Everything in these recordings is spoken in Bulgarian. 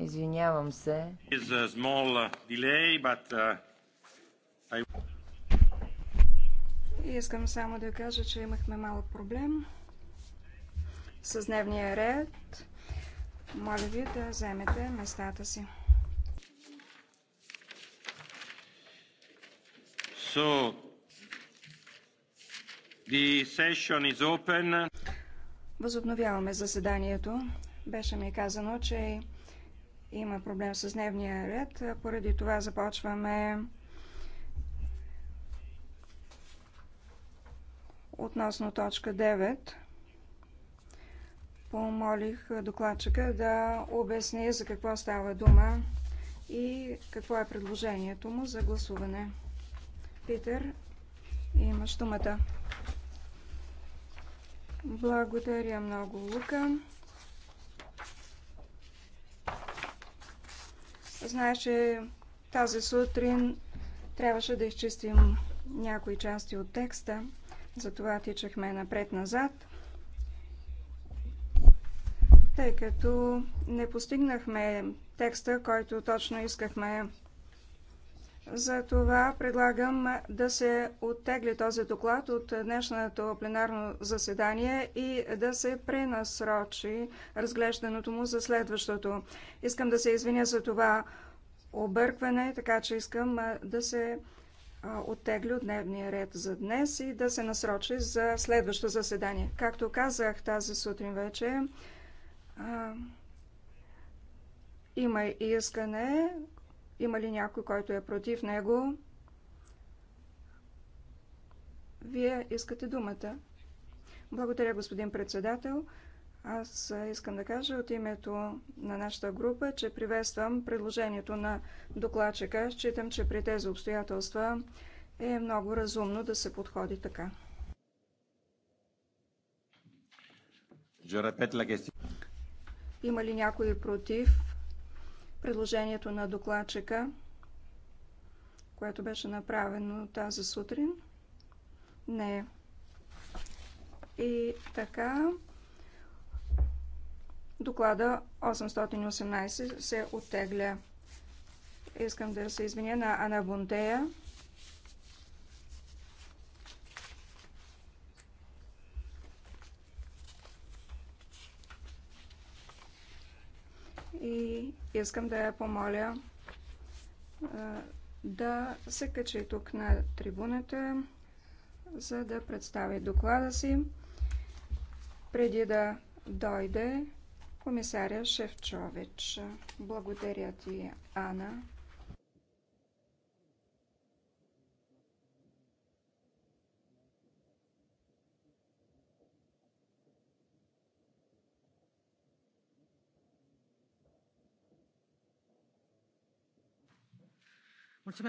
Извинявам се. Uh, uh, uh, искам само да кажа, че имахме малък проблем с дневния ред. Моля ви да вземете местата си. So, the session is open. Възобновяваме заседанието. Беше ми казано, че има проблем с дневния ред, поради това започваме относно точка 9. Помолих докладчика да обясни за какво става дума и какво е предложението му за гласуване. Питер, имаш думата. Благодаря много, Лука. Знаеше, че тази сутрин трябваше да изчистим някои части от текста, затова тичахме напред-назад. Тъй като не постигнахме текста, който точно искахме затова предлагам да се оттегли този доклад от днешното пленарно заседание и да се пренасрочи разглеждането му за следващото. Искам да се извиня за това объркване, така че искам да се оттегли от дневния ред за днес и да се насрочи за следващо заседание. Както казах тази сутрин вече, има и искане има ли някой, който е против него? Вие искате думата. Благодаря, господин председател. Аз искам да кажа от името на нашата група, че приветствам предложението на докладчика. Считам, че при тези обстоятелства е много разумно да се подходи така. Има ли някой против предложението на докладчика, което беше направено тази сутрин. Не. И така, доклада 818 се оттегля. Искам да се извиня на Ана Бунтея. и искам да я помоля да се качи тук на трибуната, за да представи доклада си. Преди да дойде комисаря Шевчович. Благодаря ти, Ана.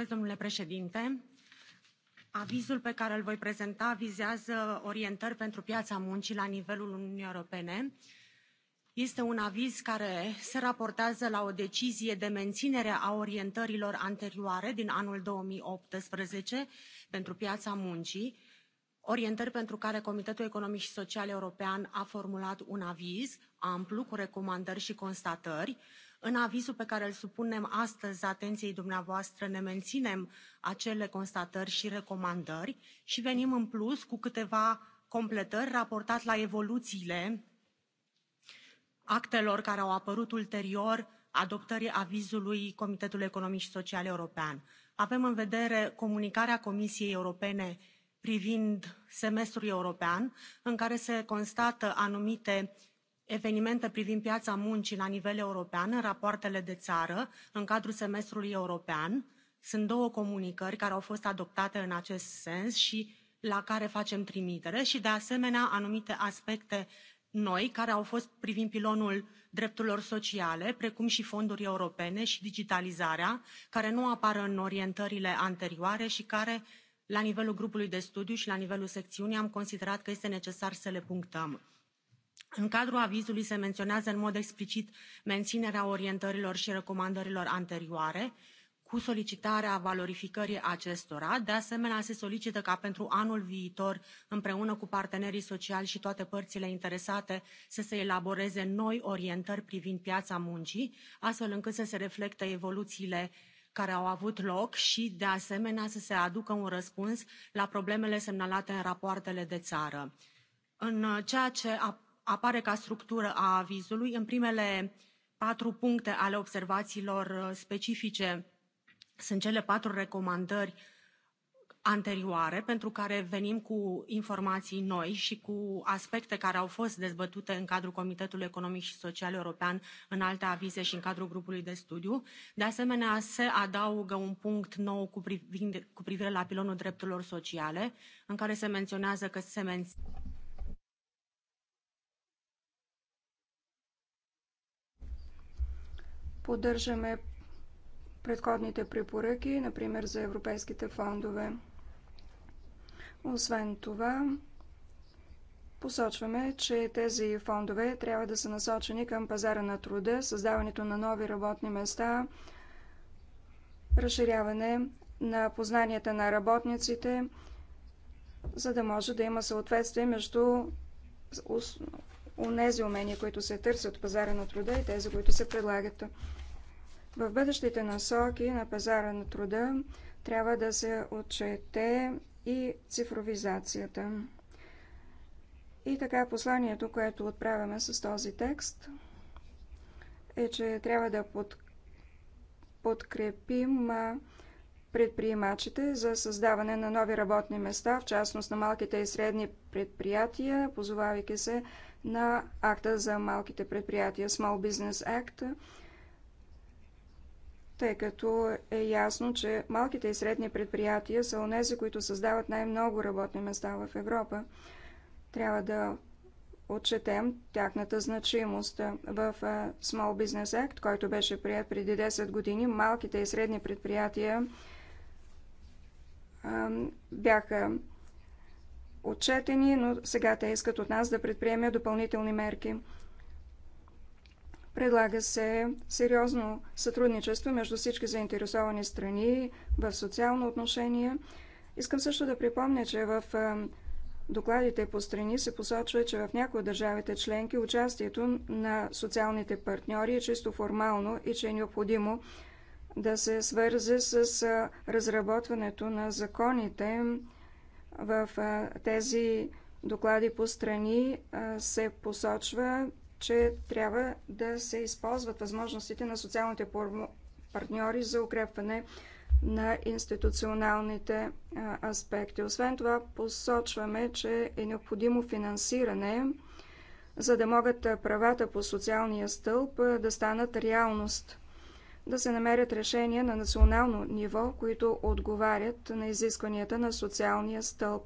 domnule președinte avizul pe care îl voi prezenta vizează orientări pentru piața muncii la nivelul uniunii europene. este un aviz care se raportează la o decizie de menținere a orientărilor anterioare din anul două mii optsprezece pentru piața muncii orientări pentru care comitetul economic și social european a formulat un aviz amplu cu recomandări și constatări în avizul pe care îl supunem astăzi atenției dumneavoastră ne menținem acele constatări și recomandări și venim în plus cu câteva completări raportat la evoluțiile actelor care au apărut ulterior adoptării avizului comitetului economic și social european. avem în vedere comunicarea comisiei europene privind semestrul european în care se constată anumite evenimente privind piața muncii la nivel european în rapoartele de țară în cadrul semestrului european. Sunt două comunicări care au fost adoptate în acest sens și la care facem trimitere și, de asemenea, anumite aspecte noi care au fost privind pilonul drepturilor sociale, precum și fonduri europene și digitalizarea, care nu apar în orientările anterioare și care, la nivelul grupului de studiu și la nivelul secțiunii, am considerat că este necesar să le punctăm în cadrul avizului se menționează în mod explicit menținerea orientărilor și recomandărilor anterioare cu solicitarea valorificării acestora. De asemenea, se solicită ca pentru anul viitor, împreună cu partenerii sociali și toate părțile interesate, să se elaboreze noi orientări privind piața muncii, astfel încât să se reflecte evoluțiile care au avut loc și, de asemenea, să se aducă un răspuns la problemele semnalate în rapoartele de țară. În ceea ce apare ca structură a avizului în primele patru puncte ale observațiilor specifice sunt cele patru recomandări anterioare pentru care venim cu informații noi și cu aspecte care au fost dezbătute în cadrul Comitetului Economic și Social European în alte avize și în cadrul grupului de studiu. De asemenea, se adaugă un punct nou cu, privire la pilonul drepturilor sociale, în care se menționează că se menține Поддържаме предходните препоръки, например за европейските фондове. Освен това, посочваме, че тези фондове трябва да са насочени към пазара на труда, създаването на нови работни места, разширяване на познанията на работниците, за да може да има съответствие между онези умения, които се търсят от пазара на труда и тези, които се предлагат. В бъдещите насоки на пазара на труда трябва да се отчете и цифровизацията. И така посланието, което отправяме с този текст, е, че трябва да под... подкрепим предприемачите за създаване на нови работни места, в частност на малките и средни предприятия, позовавайки се на акта за малките предприятия Small Business Act, тъй като е ясно, че малките и средни предприятия са онези, които създават най-много работни места в Европа. Трябва да отчетем тяхната значимост. В Small Business Act, който беше прият преди 10 години, малките и средни предприятия бяха отчетени, но сега те искат от нас да предприеме допълнителни мерки. Предлага се сериозно сътрудничество между всички заинтересовани страни в социално отношение. Искам също да припомня, че в докладите по страни се посочва, че в някои от държавите членки участието на социалните партньори е чисто формално и че е необходимо да се свързе с разработването на законите, в тези доклади по страни се посочва, че трябва да се използват възможностите на социалните партньори за укрепване на институционалните аспекти. Освен това, посочваме, че е необходимо финансиране, за да могат правата по социалния стълб да станат реалност да се намерят решения на национално ниво, които отговарят на изискванията на социалния стълб.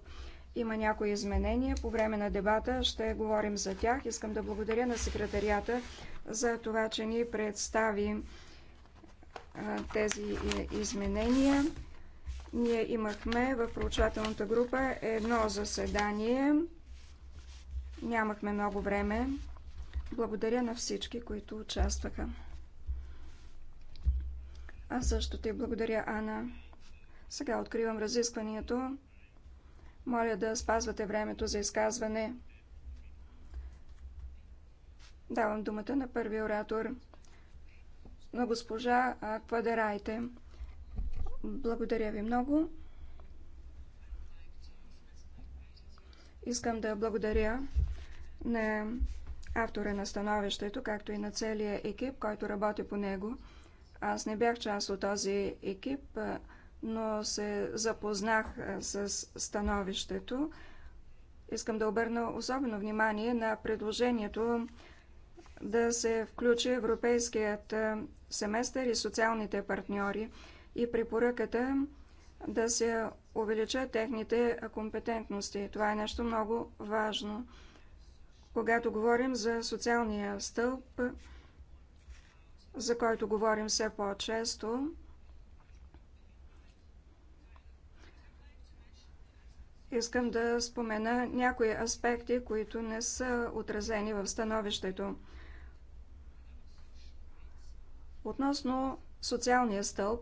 Има някои изменения. По време на дебата ще говорим за тях. Искам да благодаря на секретарията за това, че ни представи тези е, изменения. Ние имахме в проучвателната група едно заседание. Нямахме много време. Благодаря на всички, които участваха. Аз също ти благодаря, Ана. Сега откривам разискването. Моля да спазвате времето за изказване. Давам думата на първи оратор, на госпожа Квадерайте. Благодаря ви много. Искам да благодаря на автора на становището, както и на целия екип, който работи по него. Аз не бях част от този екип, но се запознах с становището. Искам да обърна особено внимание на предложението да се включи Европейският семестър и социалните партньори и препоръката да се увеличат техните компетентности. Това е нещо много важно. Когато говорим за социалния стълб, за който говорим все по-често. Искам да спомена някои аспекти, които не са отразени в становището. Относно социалния стълб,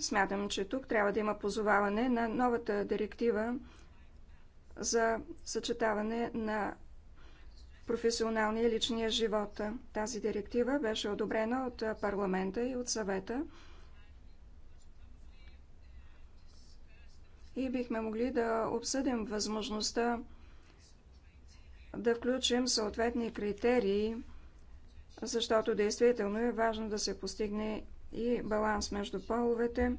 смятам, че тук трябва да има позоваване на новата директива за съчетаване на професионалния и личния живот. Тази директива беше одобрена от парламента и от съвета. И бихме могли да обсъдим възможността да включим съответни критерии, защото действително е важно да се постигне и баланс между половете.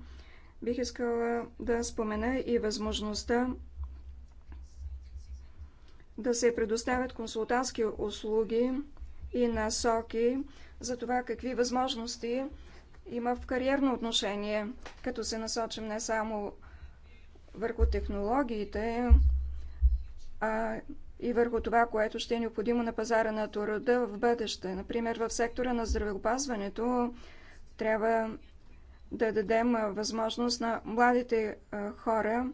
Бих искала да спомена и възможността да се предоставят консултантски услуги и насоки за това какви възможности има в кариерно отношение, като се насочим не само върху технологиите, а и върху това, което ще е необходимо на пазара на труда в бъдеще. Например, в сектора на здравеопазването трябва да дадем възможност на младите хора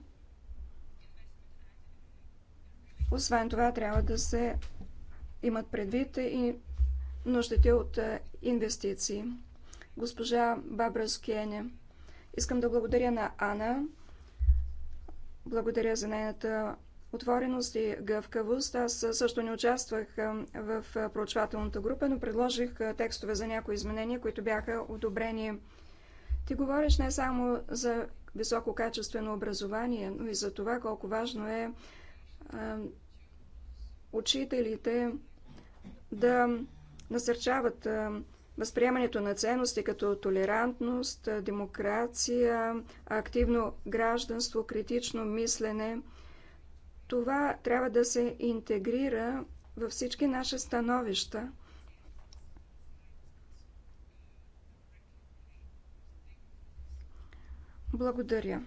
освен това, трябва да се имат предвид и нуждите от е, инвестиции. Госпожа Бабра Скене. Искам да благодаря на Ана. Благодаря за нейната отвореност и гъвкавост. Аз също не участвах е, в е, проучвателната група, но предложих текстове за някои изменения, които бяха одобрени. Ти говориш не само за висококачествено образование, но и за това колко важно е учителите да насърчават възприемането на ценности като толерантност, демокрация, активно гражданство, критично мислене. Това трябва да се интегрира във всички наши становища. Благодаря.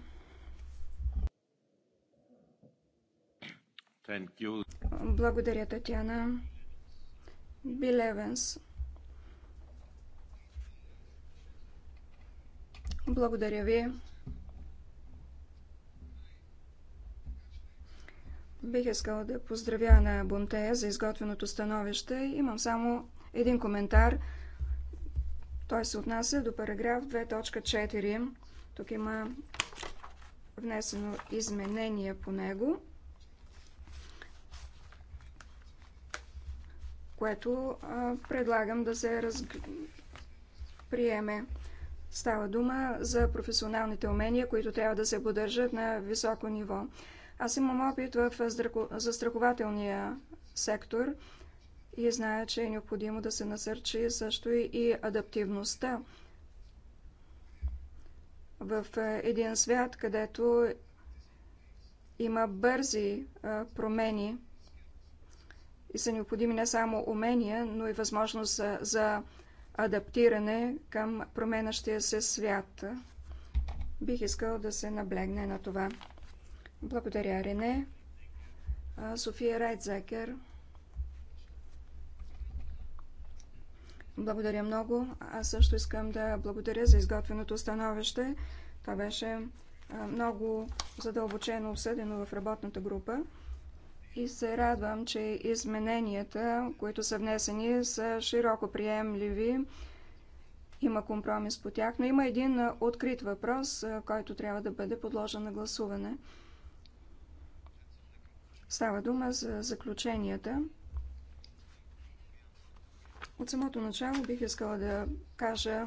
Благодаря, Татьяна. Бил Евенс. Благодаря ви. Бих искала да поздравя на Бунтея за изготвеното становище. Имам само един коментар. Той се отнася до параграф 2.4. Тук има внесено изменение по него. което а, предлагам да се раз... приеме. Става дума за професионалните умения, които трябва да се поддържат на високо ниво. Аз имам опит в застрахователния сектор и зная, че е необходимо да се насърчи също и адаптивността в един свят, където има бързи промени и са необходими не само умения, но и възможност за, за адаптиране към променящия се свят. Бих искал да се наблегне на това. Благодаря, Рене. София Райдзекер. Благодаря много. Аз също искам да благодаря за изготвеното становище. Това беше много задълбочено обсъдено в работната група и се радвам, че измененията, които са внесени, са широко приемливи. Има компромис по тях, но има един открит въпрос, който трябва да бъде подложен на гласуване. Става дума за заключенията. От самото начало бих искала да кажа,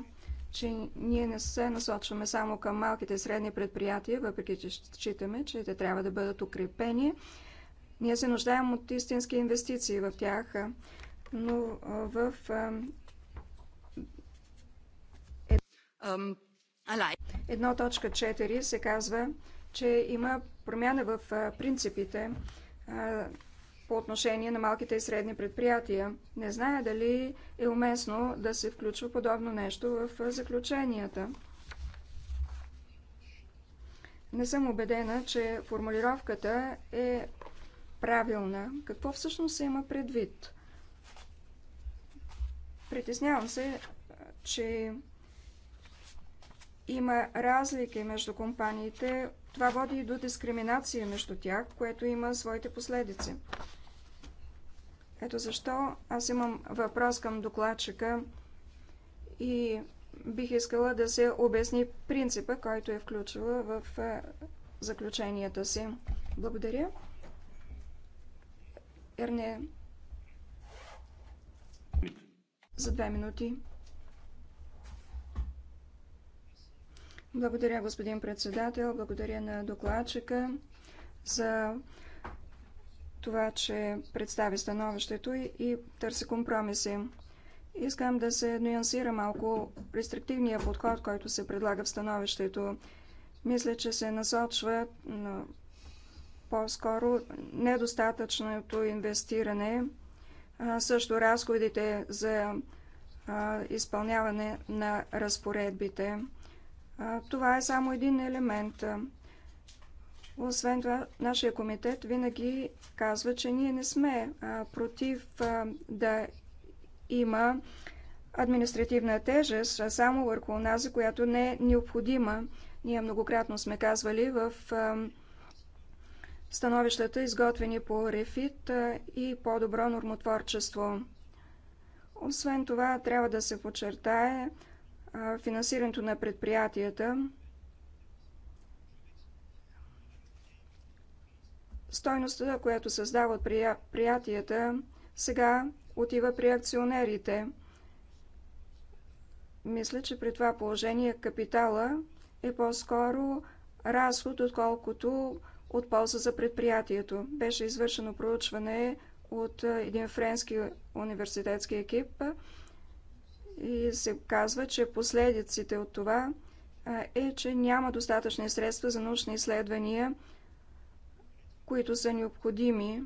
че ние не се насочваме само към малките и средни предприятия, въпреки че считаме, че те трябва да бъдат укрепени. Ние се нуждаем от истински инвестиции в тях, но в Едно точка 4 се казва, че има промяна в принципите по отношение на малките и средни предприятия. Не зная дали е уместно да се включва подобно нещо в заключенията. Не съм убедена, че формулировката е правилна. Какво всъщност се има предвид? Притеснявам се, че има разлики между компаниите. Това води и до дискриминация между тях, което има своите последици. Ето защо аз имам въпрос към докладчика и бих искала да се обясни принципа, който е включила в заключенията си. Благодаря. Ерне за две минути. Благодаря, господин председател. Благодаря на докладчика за това, че представи становището и, и търси компромиси. Искам да се нюансира малко рестриктивния подход, който се предлага в становището. Мисля, че се насочва по-скоро недостатъчното инвестиране, също разходите за изпълняване на разпоредбите. Това е само един елемент. Освен това, нашия комитет винаги казва, че ние не сме против да има административна тежест само върху нас, която не е необходима. Ние многократно сме казвали в становищата, изготвени по рефит и по-добро нормотворчество. Освен това, трябва да се подчертае финансирането на предприятията. Стойността, която създава предприятията, сега отива при акционерите. Мисля, че при това положение капитала е по-скоро разход, отколкото от полза за предприятието. Беше извършено проучване от един френски университетски екип и се казва, че последиците от това е, че няма достатъчни средства за научни изследвания, които са необходими.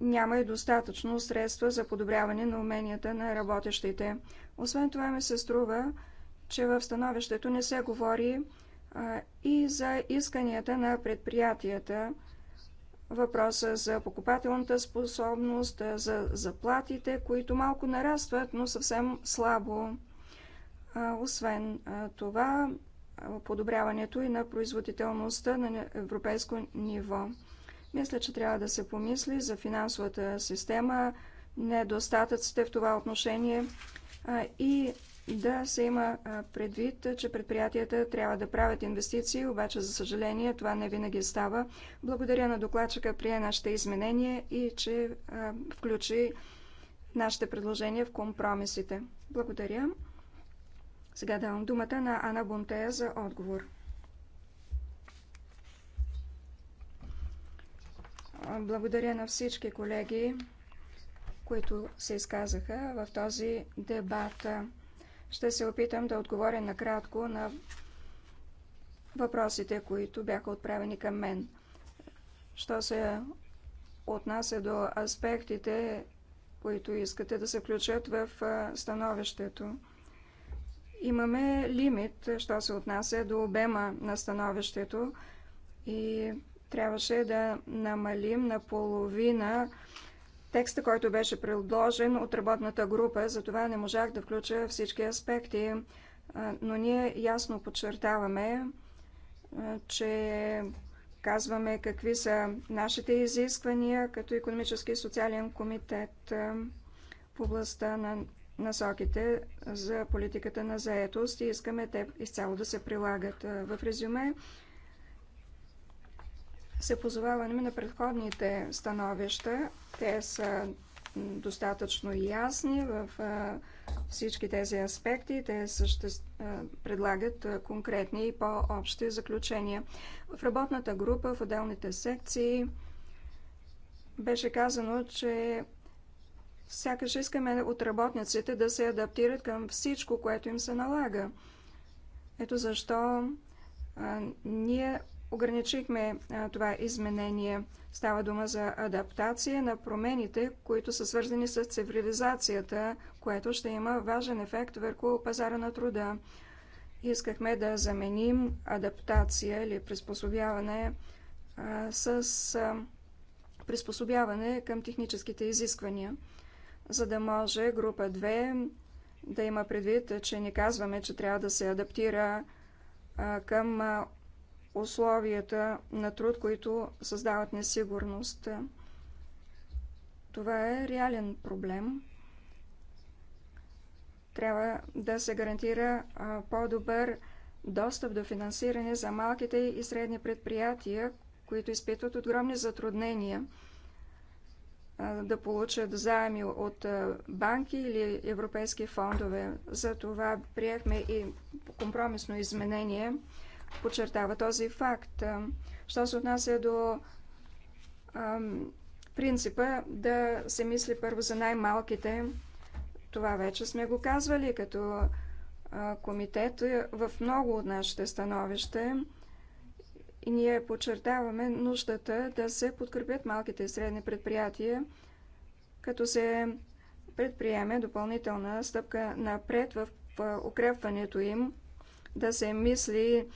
Няма и достатъчно средства за подобряване на уменията на работещите. Освен това ми се струва, че в становището не се говори и за исканията на предприятията, въпроса за покупателната способност, за заплатите, които малко нарастват, но съвсем слабо. Освен това, подобряването и на производителността на европейско ниво. Мисля, че трябва да се помисли за финансовата система, недостатъците в това отношение и да се има предвид, че предприятията трябва да правят инвестиции, обаче за съжаление това не винаги става. Благодаря на докладчика прие нашите изменения и че включи нашите предложения в компромисите. Благодаря. Сега давам думата на Ана Бунтея за отговор. Благодаря на всички колеги, които се изказаха в този дебат. Ще се опитам да отговоря накратко на въпросите, които бяха отправени към мен. Що се отнася до аспектите, които искате да се включат в становището. Имаме лимит, що се отнася до обема на становището и трябваше да намалим наполовина половина текста, който беше предложен от работната група, затова не можах да включа всички аспекти, но ние ясно подчертаваме, че казваме какви са нашите изисквания като економически и социален комитет в областта на насоките за политиката на заетост и искаме те изцяло да се прилагат. В резюме се позоваваме на предходните становища. Те са достатъчно ясни в всички тези аспекти. Те също предлагат конкретни и по-общи заключения. В работната група, в отделните секции беше казано, че сякаш искаме от работниците да се адаптират към всичко, което им се налага. Ето защо а, ние ограничихме това изменение. Става дума за адаптация на промените, които са свързани с цивилизацията, което ще има важен ефект върху пазара на труда. Искахме да заменим адаптация или приспособяване а, с а, приспособяване към техническите изисквания, за да може група 2 да има предвид, че не казваме, че трябва да се адаптира към условията на труд, които създават несигурност. Това е реален проблем. Трябва да се гарантира по-добър достъп до финансиране за малките и средни предприятия, които изпитват огромни затруднения да получат заеми от банки или европейски фондове. За това приехме и компромисно изменение – подчертава този факт. Що се отнася до ам, принципа да се мисли първо за най-малките, това вече сме го казвали като а, комитет в много от нашите становища. И ние подчертаваме нуждата да се подкрепят малките и средни предприятия, като се предприеме допълнителна стъпка напред в укрепването им, да се мисли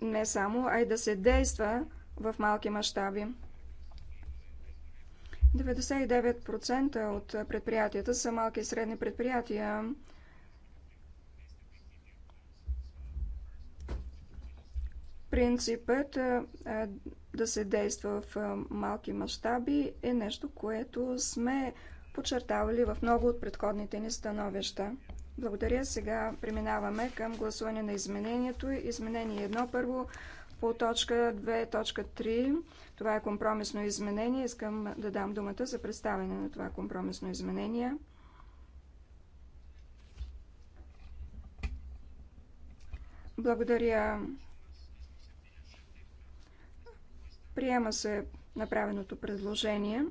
не само, а и да се действа в малки мащаби. 99% от предприятията са малки и средни предприятия. Принципът да се действа в малки мащаби е нещо, което сме подчертавали в много от предходните ни становища. Благодаря. Сега преминаваме към гласуване на изменението. Изменение 1 първо по точка 2. Точка 3. Това е компромисно изменение. Искам да дам думата за представяне на това компромисно изменение. Благодаря. Приема се направеното предложение.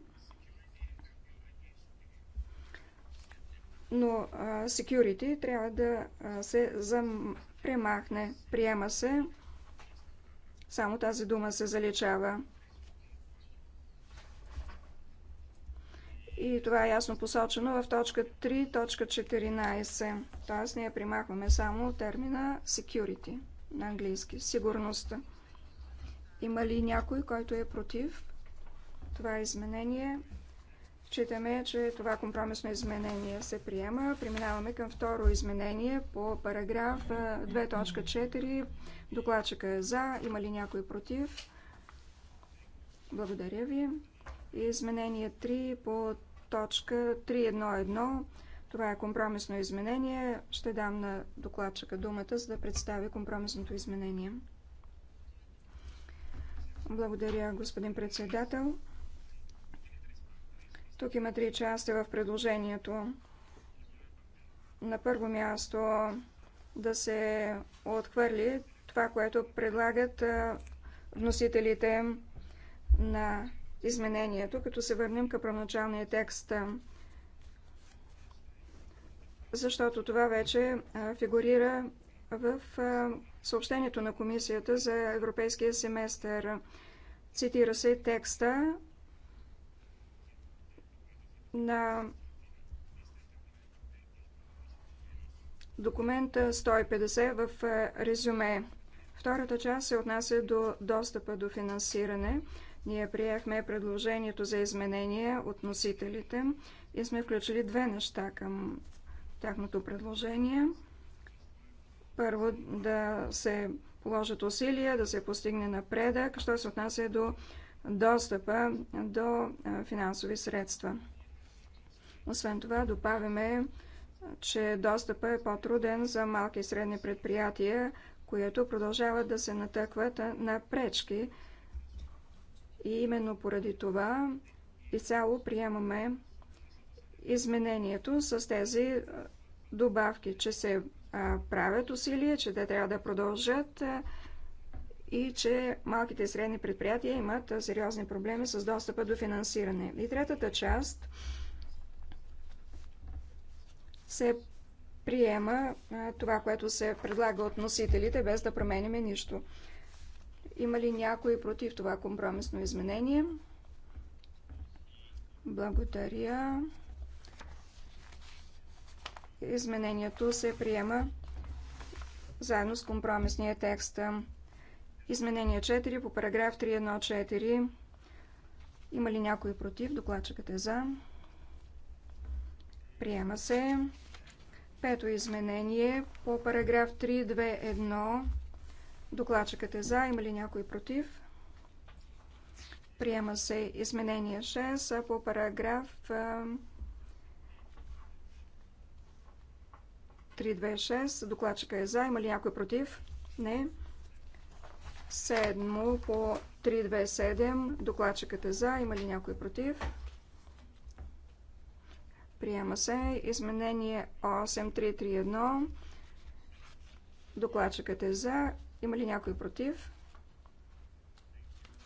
но security трябва да се премахне. Приема се. Само тази дума се заличава. И това е ясно посочено в точка 3, точка 14. Тоест ние примахваме само термина security на английски. Сигурността. Има ли някой, който е против това изменение? Считаме, че това компромисно изменение се приема. Преминаваме към второ изменение по параграф 2.4. Докладчика е за. Има ли някой против? Благодаря ви. Изменение 3 по точка 3.1.1. Това е компромисно изменение. Ще дам на докладчика думата, за да представи компромисното изменение. Благодаря, господин председател. Тук има три части в предложението. На първо място да се отхвърли това, което предлагат вносителите на изменението, като се върнем към първоначалния текст, защото това вече фигурира в съобщението на Комисията за Европейския семестър. Цитира се текста на документа 150 в е, резюме. Втората част се отнася до достъпа до финансиране. Ние приехме предложението за изменение от носителите и сме включили две неща към тяхното предложение. Първо да се положат усилия, да се постигне напредък, що се отнася до достъпа до е, финансови средства. Освен това, добавяме, че достъпа е по-труден за малки и средни предприятия, които продължават да се натъкват на пречки. И именно поради това изцяло приемаме изменението с тези добавки, че се правят усилия, че те трябва да продължат и че малките и средни предприятия имат сериозни проблеми с достъпа до финансиране. И третата част – се приема това, което се предлага от носителите, без да променяме нищо. Има ли някой против това компромисно изменение? Благодаря. Изменението се приема заедно с компромисния текст. Изменение 4 по параграф 3.1.4. Има ли някой против? Докладчикът е за. Приема се. Пето изменение по параграф 3.2.1. Докладчикът е за. Има ли някой против? Приема се изменение 6 по параграф 3.2.6. Докладчика е за. Има ли някой против? Не. Седмо по 3.2.7. Докладчикът е за. Има ли някой против? Приема се изменение 8331. Докладчикът е за. Има ли някой против?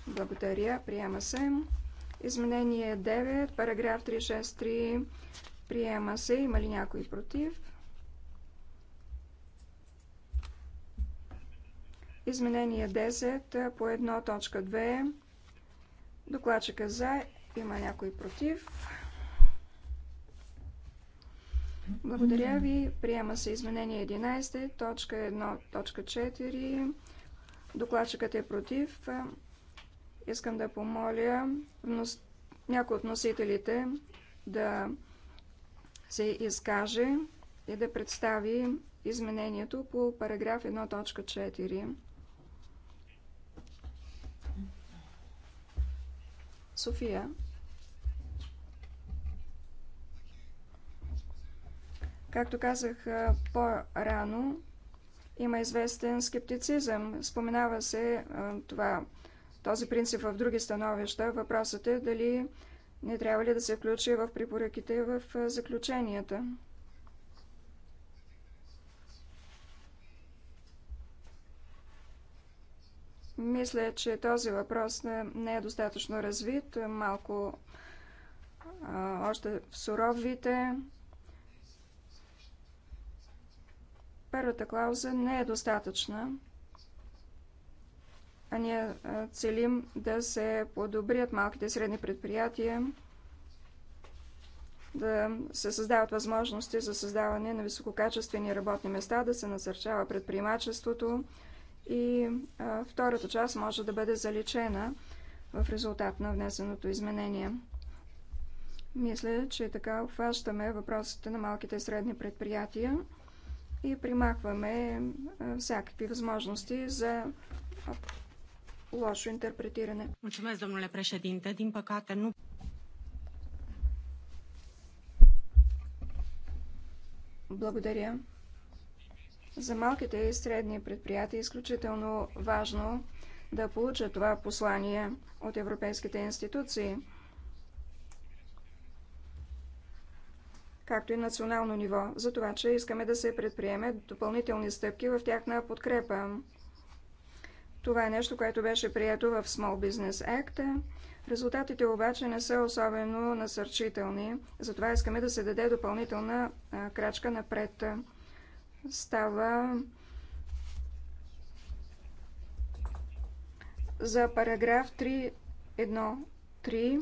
Благодаря. Приема се. Изменение 9, параграф 363. Приема се. Има ли някой против? Изменение 10 по 1.2. Докладчика за. Има някой против? Благодаря ви. Приема се изменение 11, точка 1, точка 4. Докладчикът е против. Искам да помоля внос... някой от носителите да се изкаже и да представи изменението по параграф 1, точка 4. София. Както казах по-рано, има известен скептицизъм. Споменава се това, този принцип в други становища. Въпросът е дали не трябва ли да се включи в препоръките в заключенията. Мисля, че този въпрос не е достатъчно развит, малко а, още в суров вид е. Първата клауза не е достатъчна, а ние целим да се подобрят малките и средни предприятия, да се създават възможности за създаване на висококачествени работни места, да се насърчава предприемачеството и а, втората част може да бъде заличена в резултат на внесеното изменение. Мисля, че така обхващаме въпросите на малките и средни предприятия и примахваме всякакви възможности за лошо интерпретиране. Mulțumesc, domnule președinte. Din păcate, nu... Благодаря. За малките и средни предприятия е изключително важно да получат това послание от европейските институции – както и национално ниво, за това, че искаме да се предприеме допълнителни стъпки в тяхна подкрепа. Това е нещо, което беше прието в Small Business Act. Резултатите обаче не са особено насърчителни, затова искаме да се даде допълнителна крачка напред. Става за параграф 3.1.3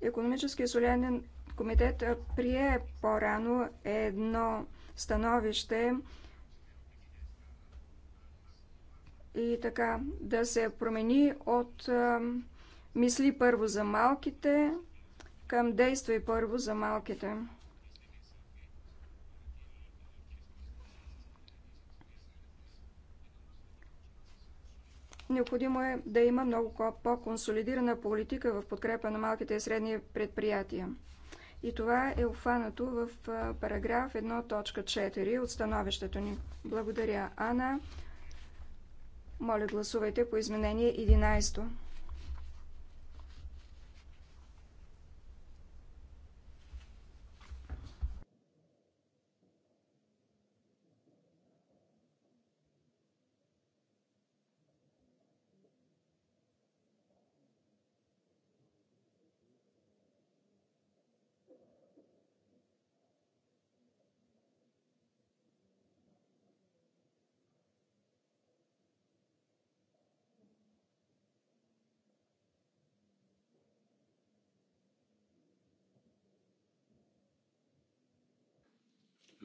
Економически изолянен комитет прие по-рано едно становище и така да се промени от мисли първо за малките към действие първо за малките. Необходимо е да има много по-консолидирана политика в подкрепа на малките и средни предприятия. И това е обхванато в параграф 1.4 от становището ни. Благодаря, Ана. Моля, гласувайте по изменение 11.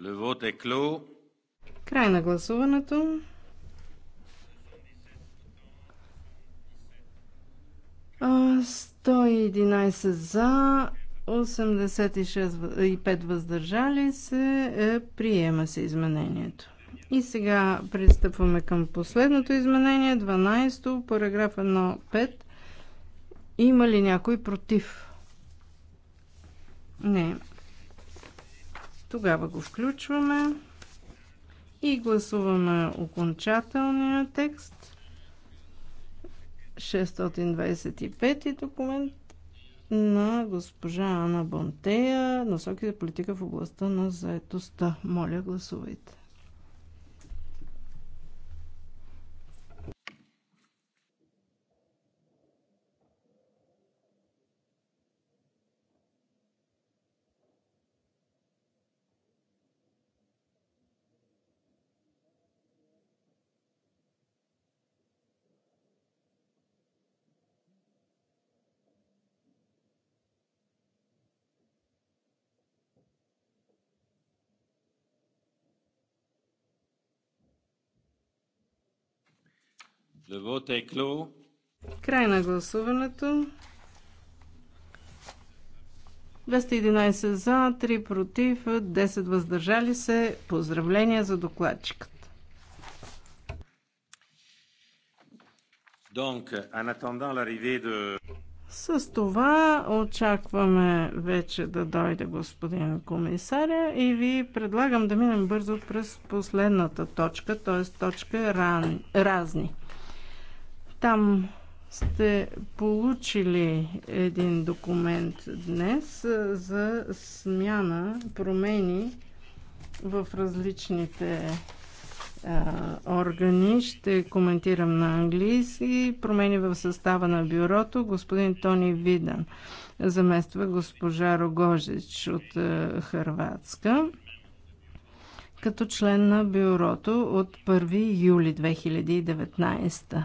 Le est clos. Край на гласуването. Uh, 111 за, 86 и 5 въздържали се, е, приема се изменението. И сега пристъпваме към последното изменение, 12, параграф 1, 5. Има ли някой против? Не. Тогава го включваме и гласуваме окончателния текст. 625 документ на госпожа Ана Бонтея, насоки за политика в областта на заетостта. Моля, гласувайте. Край на гласуването. 211 за, 3 против, 10 въздържали се. Поздравления за докладчиката. Donc, en attendant l'arrivée de... С това очакваме вече да дойде господин комисаря и ви предлагам да минем бързо през последната точка, т.е. точка ран... разни. Там сте получили един документ днес за смяна, промени в различните органи. Ще коментирам на английски. Промени в състава на бюрото. Господин Тони Видан замества госпожа Рогожич от Хрватска като член на бюрото от 1 юли 2019.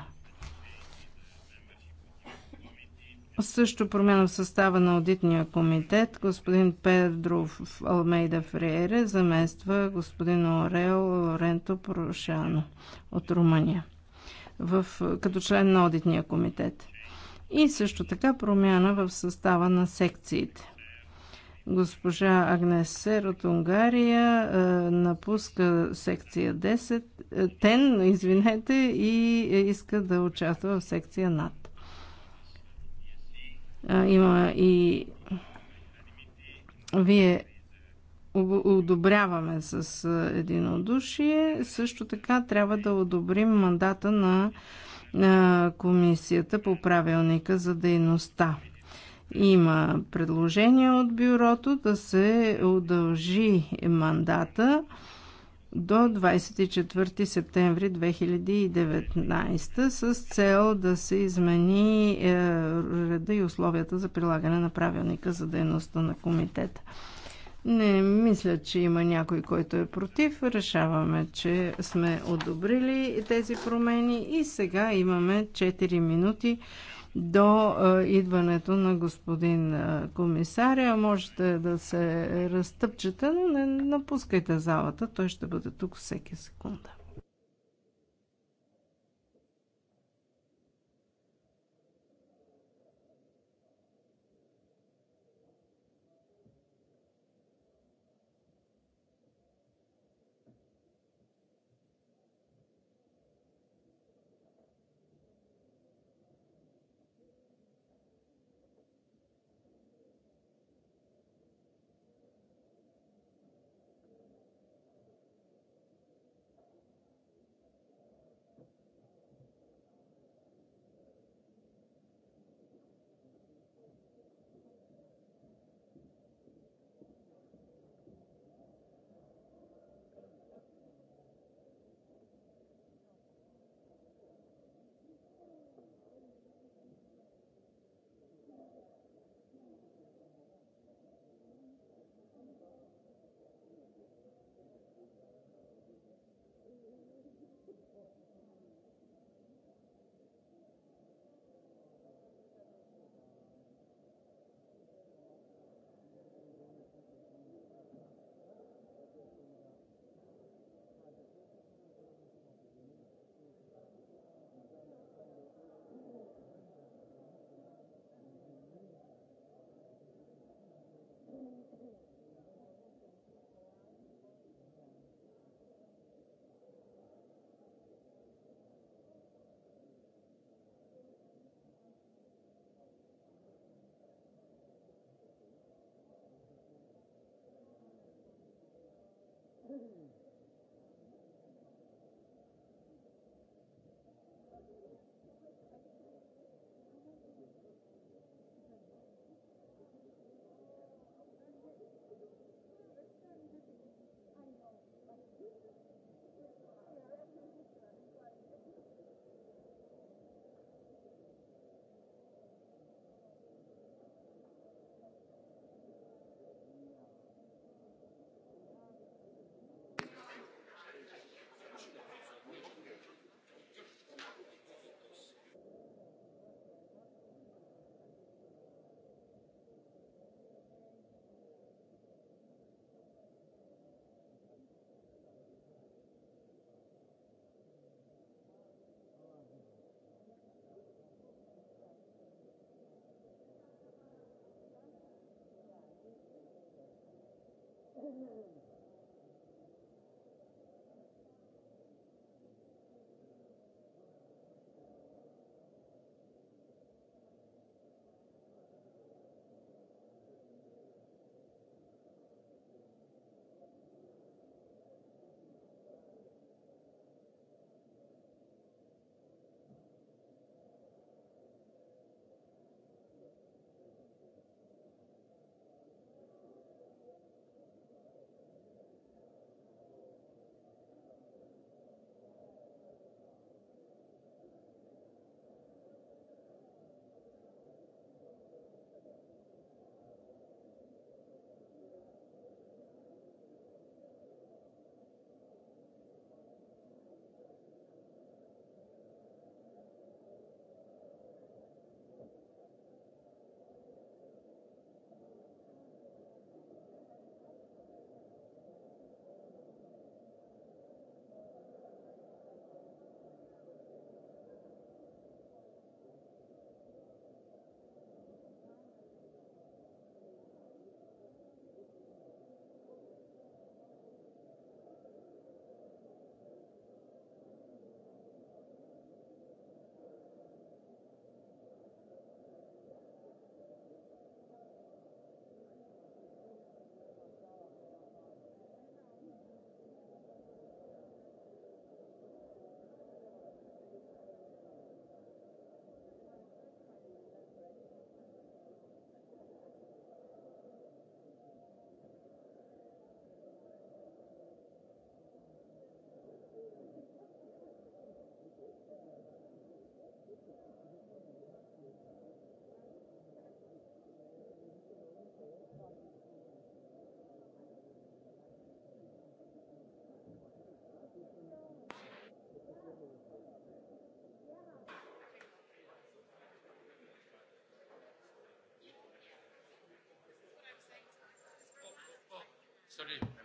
Също промяна в състава на аудитния комитет. Господин Педро Алмейда Фриере замества господин Орео Лоренто Порошано от Румъния в, като член на аудитния комитет. И също така промяна в състава на секциите. Госпожа Агнес Сер от Унгария е, напуска секция 10, е, тен, извинете, и е, иска да участва в секция над. Има и вие одобряваме с единодушие. Също така трябва да одобрим мандата на, на комисията по правилника за дейността. Има предложение от бюрото да се удължи мандата до 24 септември 2019 с цел да се измени е, реда и условията за прилагане на правилника за дейността на комитета. Не мисля, че има някой, който е против. Решаваме, че сме одобрили тези промени и сега имаме 4 минути до идването на господин комисаря. Можете да се разтъпчете, но не напускайте залата. Той ще бъде тук всеки секунда. Amen. Salut.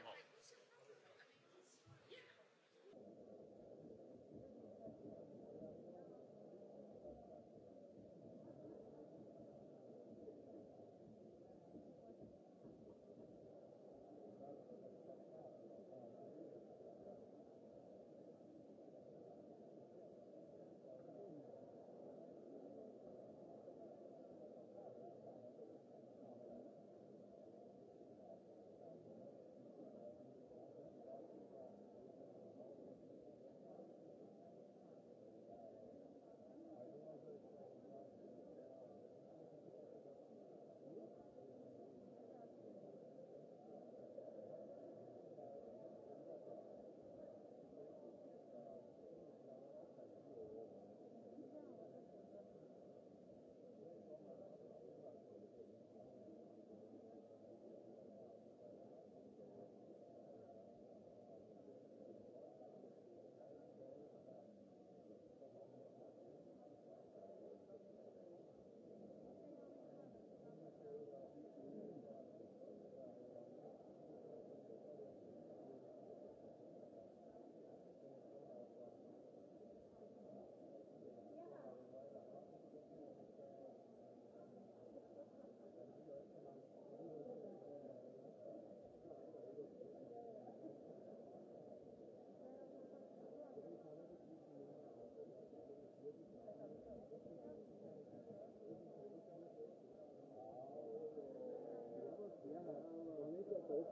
Thank you.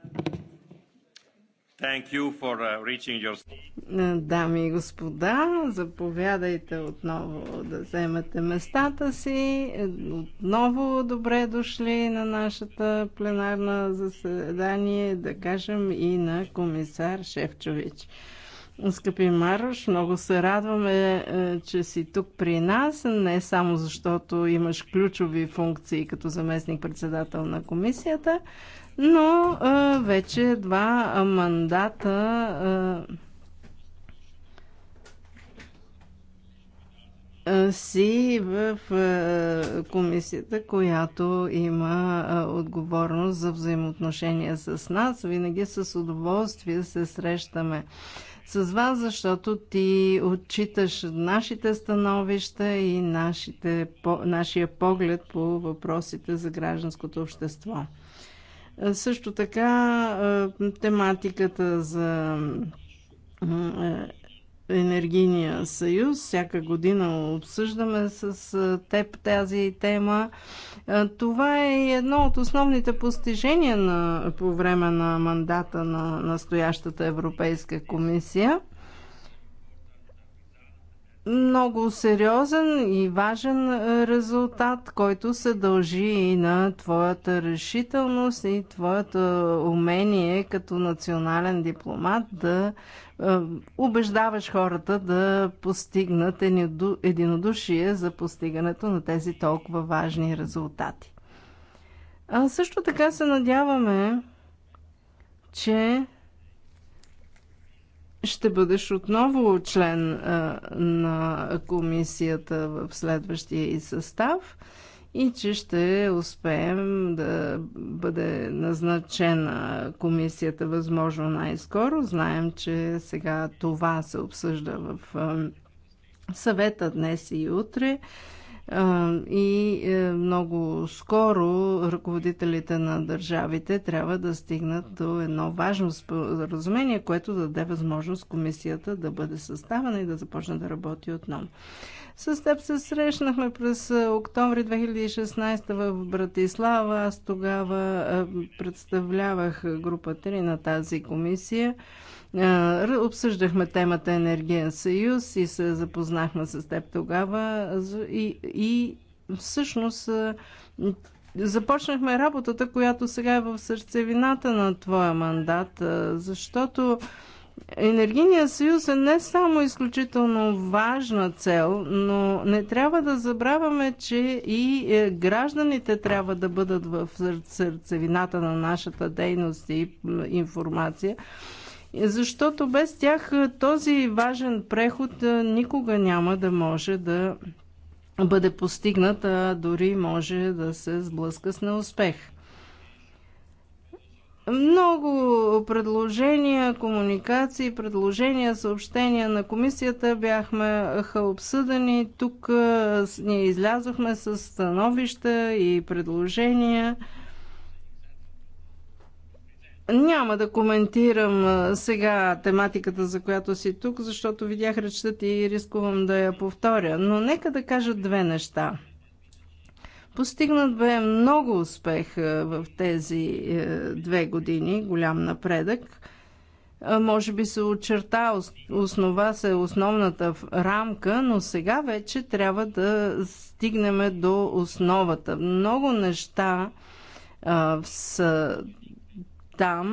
Uh, е, дами и господа, заповядайте отново да вземете местата си. Е, отново добре дошли на нашата пленарна заседание, да кажем и на комисар Шефчович. Скъпи Марош, много се радваме, е, че си тук при нас, не само защото имаш ключови функции като заместник-председател на комисията, но а, вече два мандата а, си в а, комисията, която има а, отговорност за взаимоотношения с нас. Винаги с удоволствие се срещаме с вас, защото ти отчиташ нашите становища и нашите, по, нашия поглед по въпросите за гражданското общество. Също така тематиката за енергийния съюз. Всяка година обсъждаме с теб тази тема. Това е едно от основните постижения на, по време на мандата на настоящата Европейска комисия много сериозен и важен е, резултат, който се дължи и на твоята решителност и твоето умение като национален дипломат да е, убеждаваш хората да постигнат единодушие за постигането на тези толкова важни резултати. А също така се надяваме, че ще бъдеш отново член на комисията в следващия и състав и че ще успеем да бъде назначена комисията възможно най-скоро. Знаем, че сега това се обсъжда в съвета днес и утре и е, много скоро ръководителите на държавите трябва да стигнат до едно важно споразумение, което да даде възможност комисията да бъде съставена и да започне да работи отново. С теб се срещнахме през е, октомври 2016 в Братислава. Аз тогава е, представлявах групата ни на тази комисия. Обсъждахме темата Енергиен съюз и се запознахме с теб тогава и, и всъщност започнахме работата, която сега е в сърцевината на твоя мандат, защото Енергийният съюз е не само изключително важна цел, но не трябва да забравяме, че и е, гражданите трябва да бъдат в сърцевината на нашата дейност и информация защото без тях този важен преход никога няма да може да бъде постигнат, а дори може да се сблъска с неуспех. Много предложения, комуникации, предложения, съобщения на комисията бяхме обсъдени. Тук ние излязохме с становища и предложения. Няма да коментирам сега тематиката, за която си тук, защото видях речта ти и рискувам да я повторя. Но нека да кажа две неща. Постигнат бе много успех в тези е, две години, голям напредък. Може би се очерта, основа се основната рамка, но сега вече трябва да стигнем до основата. Много неща са там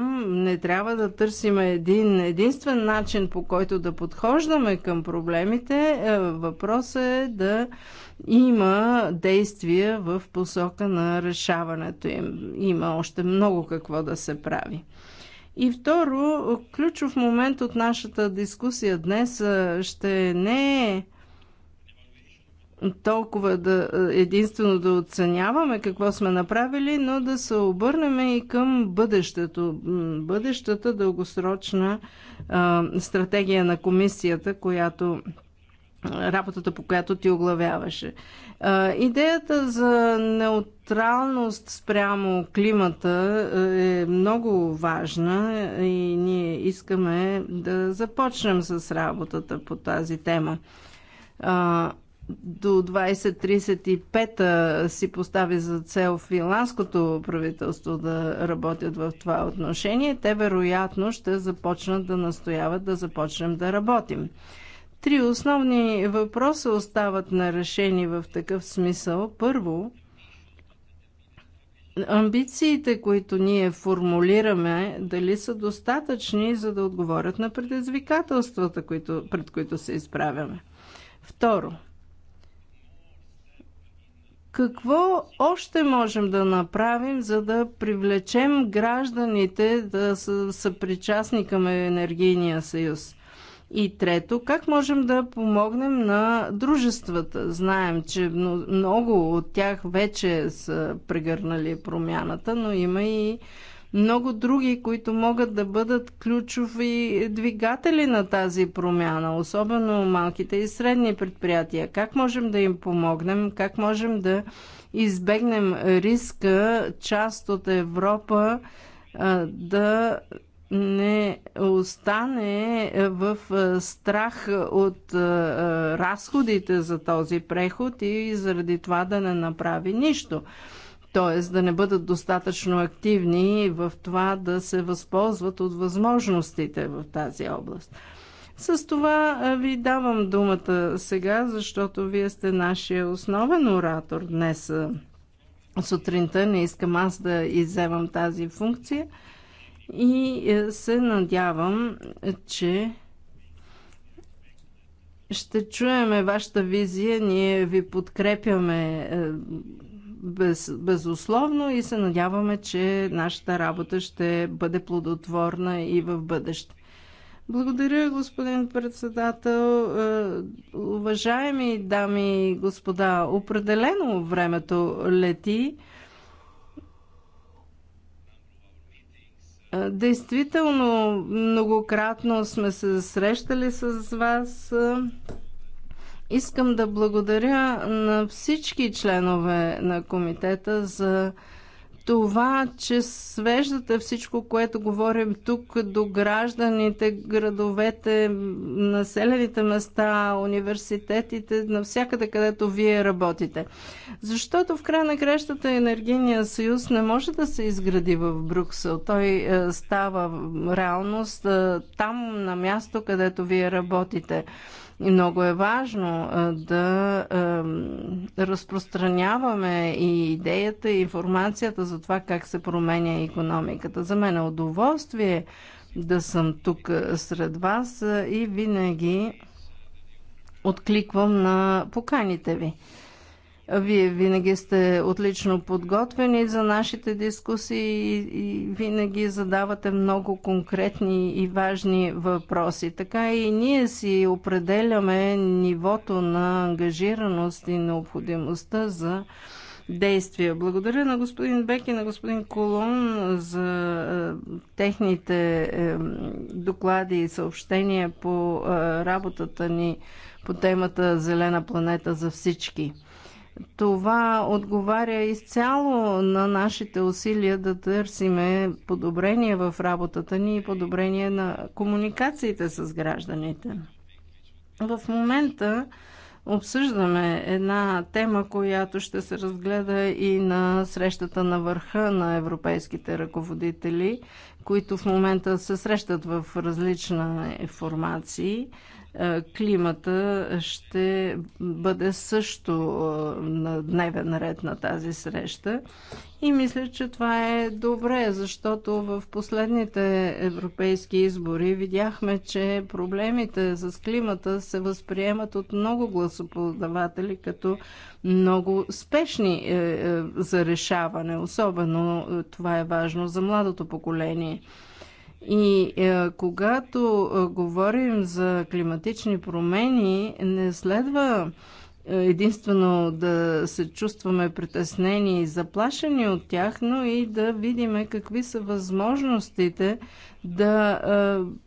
не трябва да търсим един единствен начин, по който да подхождаме към проблемите. Е, Въпросът е да има действия в посока на решаването им. Има още много какво да се прави. И второ, ключов момент от нашата дискусия днес е, ще не е толкова да, е, единствено да оценяваме какво сме направили, но да се обърнем и към бъдещето. Бъдещата дългосрочна а, стратегия на комисията, която работата, по която ти оглавяваше. А, идеята за неутралност спрямо климата е много важна и ние искаме да започнем с работата по тази тема. А, до 2035 си постави за цел финландското правителство да работят в това отношение, те вероятно ще започнат да настояват да започнем да работим. Три основни въпроса остават на решени в такъв смисъл. Първо, амбициите, които ние формулираме, дали са достатъчни, за да отговорят на предизвикателствата, пред които се изправяме. Второ, какво още можем да направим, за да привлечем гражданите да са, са причастни към енергийния съюз? И трето, как можем да помогнем на дружествата? Знаем, че много от тях вече са прегърнали промяната, но има и много други, които могат да бъдат ключови двигатели на тази промяна, особено малките и средни предприятия. Как можем да им помогнем? Как можем да избегнем риска част от Европа да не остане в страх от разходите за този преход и заради това да не направи нищо т.е. да не бъдат достатъчно активни в това да се възползват от възможностите в тази област. С това ви давам думата сега, защото вие сте нашия основен оратор днес сутринта. Не искам аз да изземам тази функция и се надявам, че ще чуеме вашата визия. Ние ви подкрепяме без, безусловно и се надяваме, че нашата работа ще бъде плодотворна и в бъдеще. Благодаря, господин председател. Е, уважаеми дами и господа, определено времето лети. Е, действително, многократно сме се срещали с вас. Искам да благодаря на всички членове на комитета за това, че свеждате всичко, което говорим тук до гражданите, градовете, населените места, университетите, навсякъде, където вие работите. Защото в края на кращата енергийния съюз не може да се изгради в Брюксел. Той е, става реалност е, там, на място, където вие работите. И Много е важно да разпространяваме и идеята, и информацията за това как се променя економиката. За мен е удоволствие да съм тук сред вас и винаги откликвам на поканите ви. Вие винаги сте отлично подготвени за нашите дискусии и винаги задавате много конкретни и важни въпроси. Така и ние си определяме нивото на ангажираност и необходимостта за действия. Благодаря на господин Бек и на господин Колон за е, техните е, доклади и съобщения по е, работата ни по темата Зелена планета за всички. Това отговаря изцяло на нашите усилия да търсиме подобрение в работата ни и подобрение на комуникациите с гражданите. В момента обсъждаме една тема, която ще се разгледа и на срещата на върха на европейските ръководители, които в момента се срещат в различна формации. Е, климата ще бъде също е, на дневен ред на тази среща. И мисля, че това е добре, защото в последните европейски избори видяхме, че проблемите с климата се възприемат от много гласоподаватели като много спешни е, за решаване. Особено това е важно за младото поколение. И е, когато е, говорим за климатични промени, не следва е, единствено да се чувстваме притеснени и заплашени от тях, но и да видим какви са възможностите да е,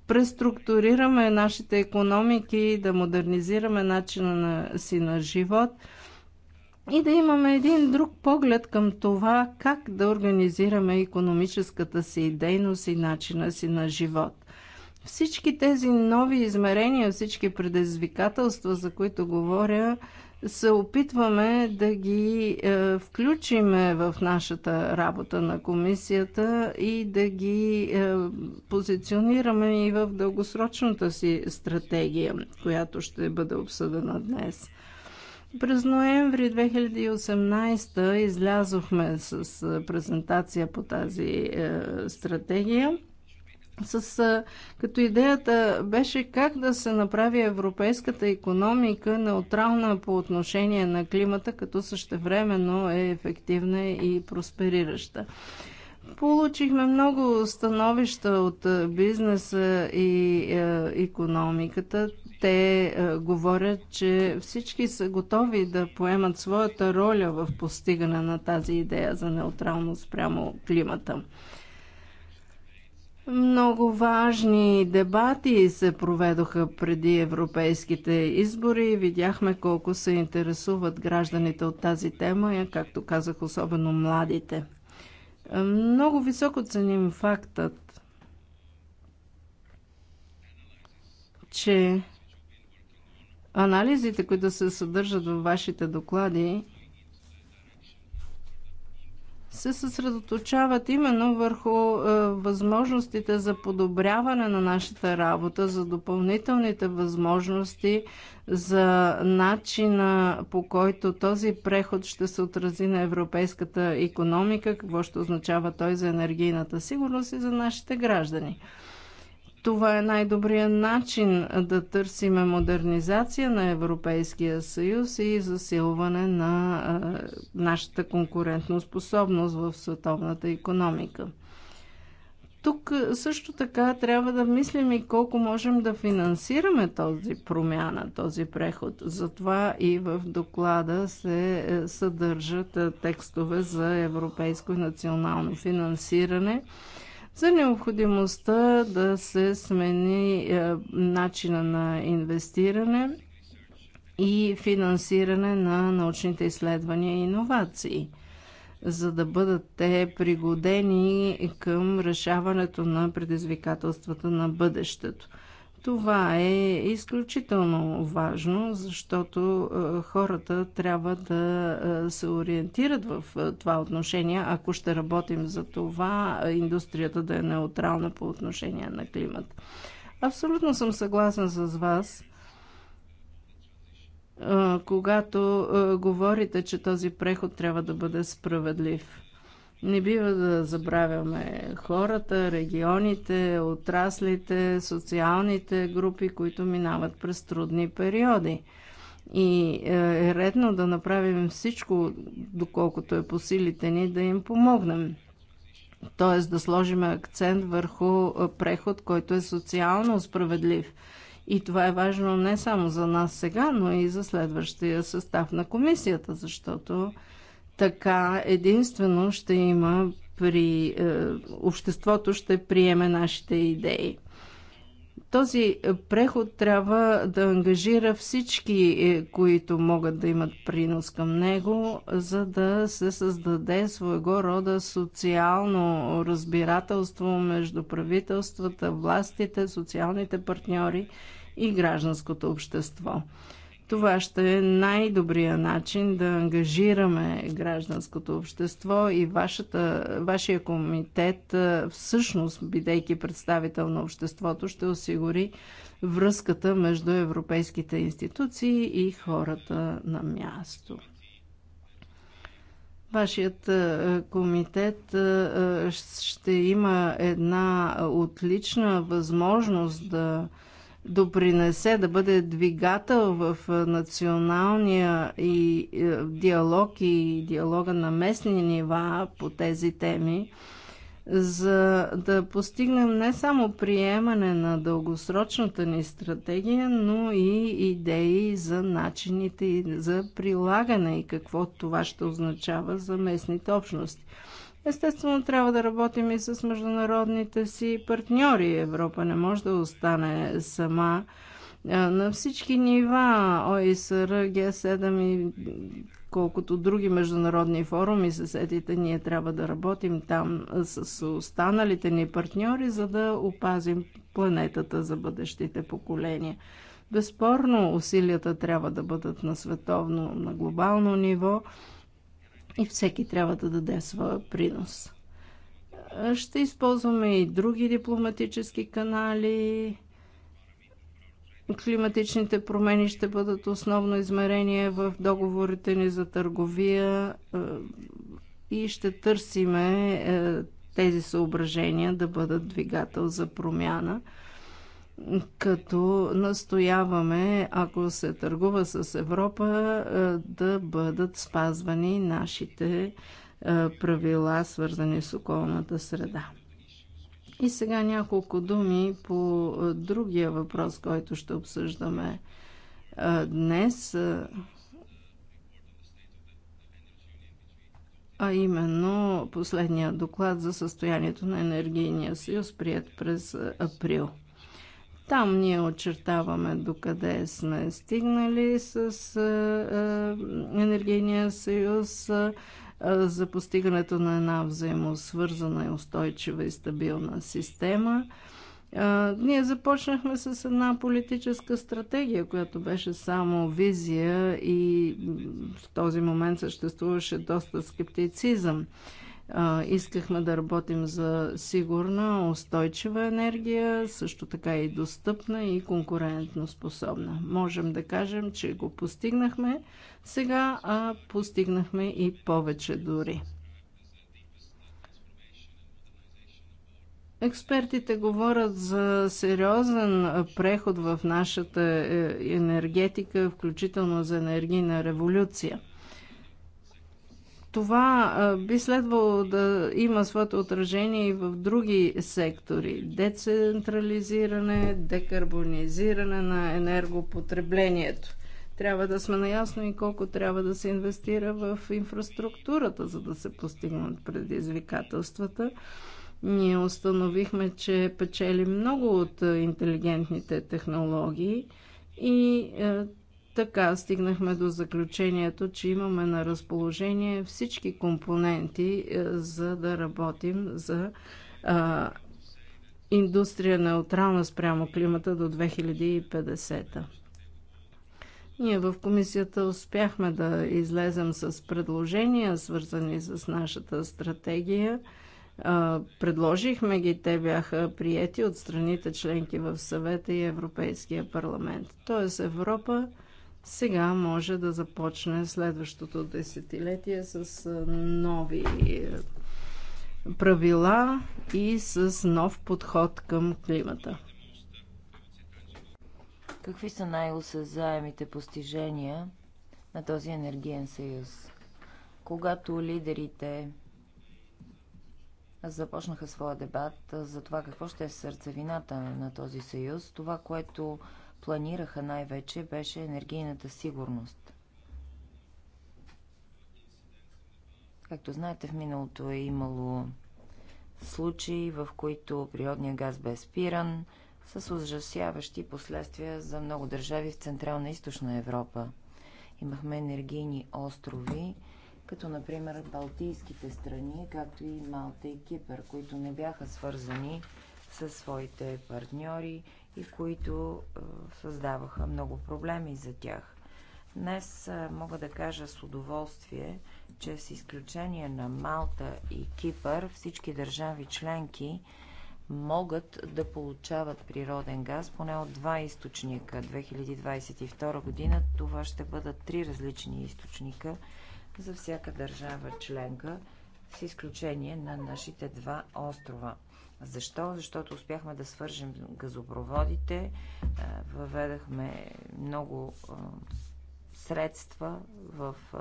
преструктурираме нашите економики, да модернизираме начина на, си на живот – и да имаме един друг поглед към това как да организираме економическата си дейност и начина си на живот. Всички тези нови измерения, всички предизвикателства, за които говоря, се опитваме да ги е, в нашата работа на комисията и да ги е, позиционираме и в дългосрочната си стратегия, която ще бъде обсъдена днес. През ноември 2018 излязохме с презентация по тази е, стратегия с, като идеята беше как да се направи европейската економика неутрална по отношение на климата, като същевременно е ефективна и просперираща. Получихме много становища от е, бизнеса и економиката. Те е, говорят, че всички са готови да поемат своята роля в постигане на тази идея за неутралност прямо климата. Много важни дебати се проведоха преди европейските избори. Видяхме колко се интересуват гражданите от тази тема, както казах, особено младите. Много високо ценим фактът, че анализите, които се съдържат във вашите доклади, се съсредоточават именно върху е, възможностите за подобряване на нашата работа, за допълнителните възможности, за начина по който този преход ще се отрази на европейската економика, какво ще означава той за енергийната сигурност и за нашите граждани това е най-добрият начин да търсиме модернизация на Европейския съюз и засилване на нашата конкурентоспособност в световната економика. Тук също така трябва да мислим и колко можем да финансираме този промяна, този преход. Затова и в доклада се е, съдържат текстове за европейско и национално финансиране – за необходимостта да се смени е, начина на инвестиране и финансиране на научните изследвания и иновации, за да бъдат те пригодени към решаването на предизвикателствата на бъдещето. Това е изключително важно, защото е, хората трябва да е, се ориентират в е, това отношение, ако ще работим за това индустрията да е неутрална по отношение на климат. Абсолютно съм съгласен с вас когато говорите, че този преход трябва да бъде справедлив. Не бива да забравяме хората, регионите, отраслите, социалните групи, които минават през трудни периоди. И е, е редно да направим всичко, доколкото е по силите ни, да им помогнем. Тоест да сложим акцент върху е, преход, който е социално справедлив. И това е важно не само за нас сега, но и за следващия състав на комисията, защото така единствено ще има при е, обществото ще приеме нашите идеи. Този преход трябва да ангажира всички, е, които могат да имат принос към него, за да се създаде своего рода социално разбирателство между правителствата, властите, социалните партньори и гражданското общество. Това ще е най-добрия начин да ангажираме гражданското общество и вашата, вашия комитет, всъщност, бидейки представител на обществото, ще осигури връзката между европейските институции и хората на място. Вашият комитет ще има една отлична възможност да допринесе, да бъде двигател в националния и е, диалог и диалога на местни нива по тези теми, за да постигнем не само приемане на дългосрочната ни стратегия, но и идеи за начините и за прилагане и какво това ще означава за местните общности. Естествено, трябва да работим и с международните си партньори. Европа не може да остане сама. На всички нива ОИСР, Г7 и колкото други международни форуми съседите, ние трябва да работим там с останалите ни партньори, за да опазим планетата за бъдещите поколения. Безспорно усилията трябва да бъдат на световно, на глобално ниво, и всеки трябва да даде своя принос. Ще използваме и други дипломатически канали. Климатичните промени ще бъдат основно измерение в договорите ни за търговия е, и ще търсиме е, тези съображения да бъдат двигател за промяна – като настояваме, ако се търгува с Европа, е, да бъдат спазвани нашите е, правила, свързани с околната среда. И сега няколко думи по е, другия въпрос, който ще обсъждаме днес, а именно последния доклад за състоянието на енергийния съюз, прият през април. Там ние очертаваме докъде сме стигнали с енергийния съюз за постигането на една взаимосвързана и устойчива и стабилна система. Ние започнахме с една политическа стратегия, която беше само визия и в този момент съществуваше доста скептицизъм. Искахме да работим за сигурна, устойчива енергия, също така и достъпна и конкурентно способна. Можем да кажем, че го постигнахме сега, а постигнахме и повече дори. Експертите говорят за сериозен преход в нашата е, енергетика, включително за енергийна революция – това би следвало да има своето отражение и в други сектори. Децентрализиране, декарбонизиране на енергопотреблението. Трябва да сме наясно и колко трябва да се инвестира в инфраструктурата, за да се постигнат предизвикателствата. Ние установихме, че печели много от интелигентните технологии и така стигнахме до заключението, че имаме на разположение всички компоненти, е, за да работим за а, индустрия неутрална спрямо климата до 2050. Ние в комисията успяхме да излезем с предложения, свързани с нашата стратегия. Предложихме ги, те бяха приети от страните членки в съвета и Европейския парламент. Тоест Европа сега може да започне следващото десетилетие с нови правила и с нов подход към климата. Какви са най-осъзаемите постижения на този енергиен съюз? Когато лидерите започнаха своя дебат за това какво ще е сърцевината на този съюз, това, което планираха най-вече, беше енергийната сигурност. Както знаете, в миналото е имало случаи, в които природният газ бе спиран, с ужасяващи последствия за много държави в Централна и Източна Европа. Имахме енергийни острови, като например Балтийските страни, както и Малта и Кипър, които не бяха свързани със своите партньори и които създаваха много проблеми за тях. Днес мога да кажа с удоволствие, че с изключение на Малта и Кипър, всички държави членки могат да получават природен газ поне от два източника. 2022 година това ще бъдат три различни източника за всяка държава членка, с изключение на нашите два острова. Защо? Защото успяхме да свържем газопроводите, е, въведахме много е, средства в е,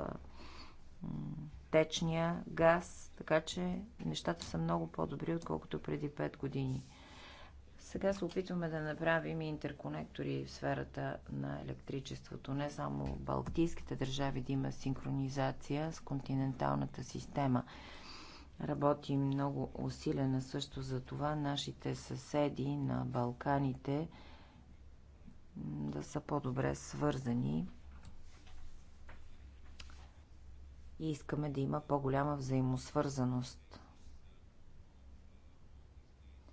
течния газ, така че нещата са много по-добри, отколкото преди 5 години. Сега се опитваме да направим и интерконектори в сферата на електричеството. Не само балтийските държави да има синхронизация с континенталната система. Работим много усилена също за това нашите съседи на Балканите да са по-добре свързани и искаме да има по-голяма взаимосвързаност.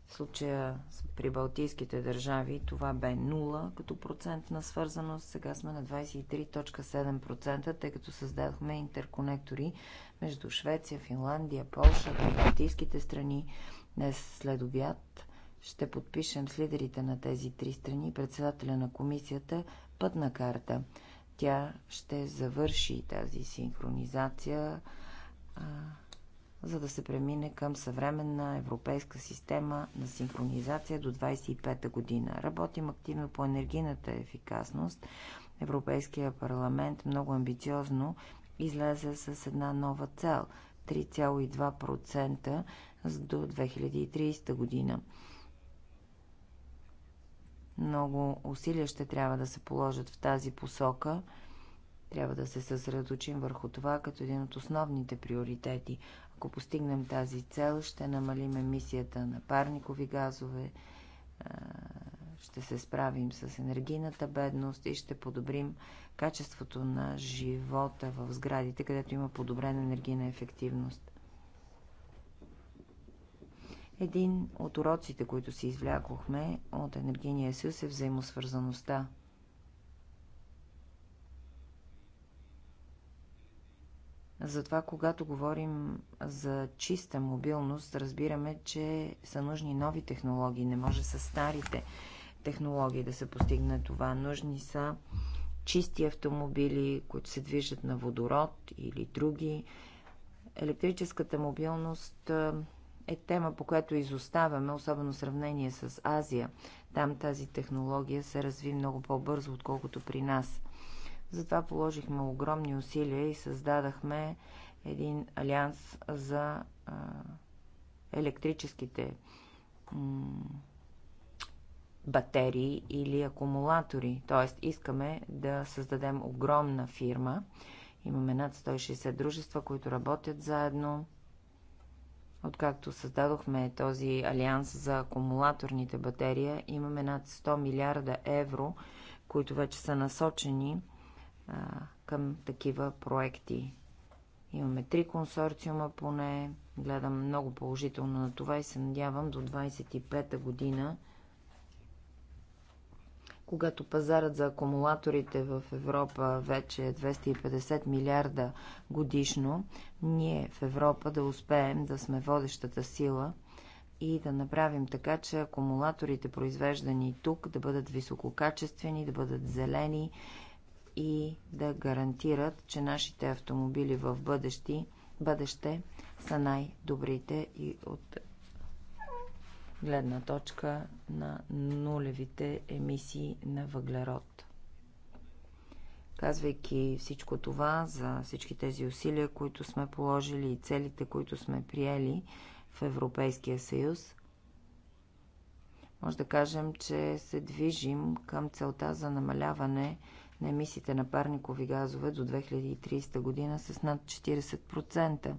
В случая при Балтийските държави това бе 0 като процент на свързаност. Сега сме на 23.7%, тъй като създадохме интерконектори между Швеция, Финландия, Полша, Балтийските страни. Днес след обяд ще подпишем с лидерите на тези три страни председателя на комисията пътна карта. Тя ще завърши тази синхронизация за да се премине към съвременна европейска система на синхронизация до 25-та година. Работим активно по енергийната ефикасност. Европейския парламент много амбициозно излезе с една нова цел 3,2% до 2030 година. Много усилия ще трябва да се положат в тази посока. Трябва да се съсредоточим върху това като един от основните приоритети, ако постигнем тази цел, ще намалим емисията на парникови газове, ще се справим с енергийната бедност и ще подобрим качеството на живота в сградите, където има подобрена енергийна ефективност. Един от уроците, които си извлякохме от енергийния съюз е взаимосвързаността – Затова, когато говорим за чиста мобилност, разбираме, че са нужни нови технологии. Не може с старите технологии да се постигне това. Нужни са чисти автомобили, които се движат на водород или други. Електрическата мобилност е тема, по която изоставяме, особено в сравнение с Азия. Там тази технология се разви много по-бързо, отколкото при нас. Затова положихме огромни усилия и създадахме един алианс за електрическите батерии или акумулатори. Тоест искаме да създадем огромна фирма. Имаме над 160 дружества, които работят заедно. Откакто създадохме този алианс за акумулаторните батерия, имаме над 100 милиарда евро, които вече са насочени към такива проекти. Имаме три консорциума поне. Гледам много положително на това и се надявам до 25-та година, когато пазарът за акумулаторите в Европа вече е 250 милиарда годишно, ние в Европа да успеем да сме водещата сила и да направим така, че акумулаторите, произвеждани тук, да бъдат висококачествени, да бъдат зелени и да гарантират, че нашите автомобили в бъдещи, бъдеще са най-добрите и от гледна точка на нулевите емисии на въглерод. Казвайки всичко това, за всички тези усилия, които сме положили и целите, които сме приели в Европейския съюз, може да кажем, че се движим към целта за намаляване на емисиите на парникови газове до 2030 година с над 40%.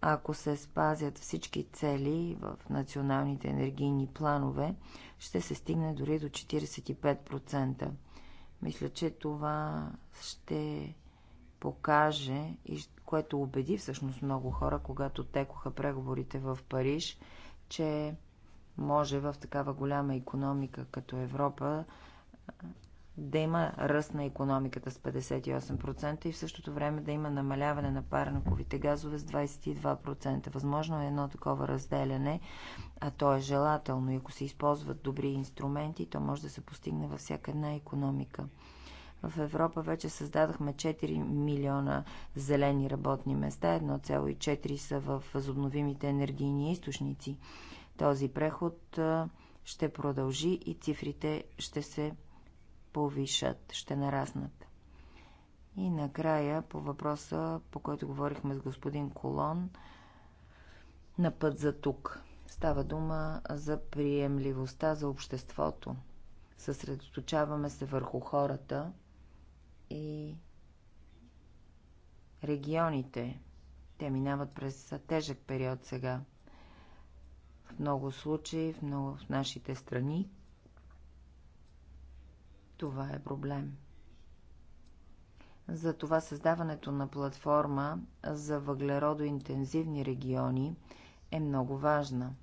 Ако се спазят всички цели в националните енергийни планове, ще се стигне дори до 45%. Мисля, че това ще покаже и което убеди всъщност много хора, когато текоха преговорите в Париж, че може в такава голяма економика като Европа да има ръст на економиката с 58% и в същото време да има намаляване на парниковите газове с 22%. Възможно е едно такова разделяне, а то е желателно. И ако се използват добри инструменти, то може да се постигне във всяка една економика. В Европа вече създадахме 4 милиона зелени работни места, 1,4 са в възобновимите енергийни източници. Този преход ще продължи и цифрите ще се повишат, ще нараснат. И накрая по въпроса, по който говорихме с господин Колон, на път за тук. Става дума за приемливостта за обществото. Съсредоточаваме се върху хората и регионите. Те минават през тежък период сега. В много случаи, в много в нашите страни, това е проблем. Затова създаването на платформа за въглеродоинтензивни региони е много важна.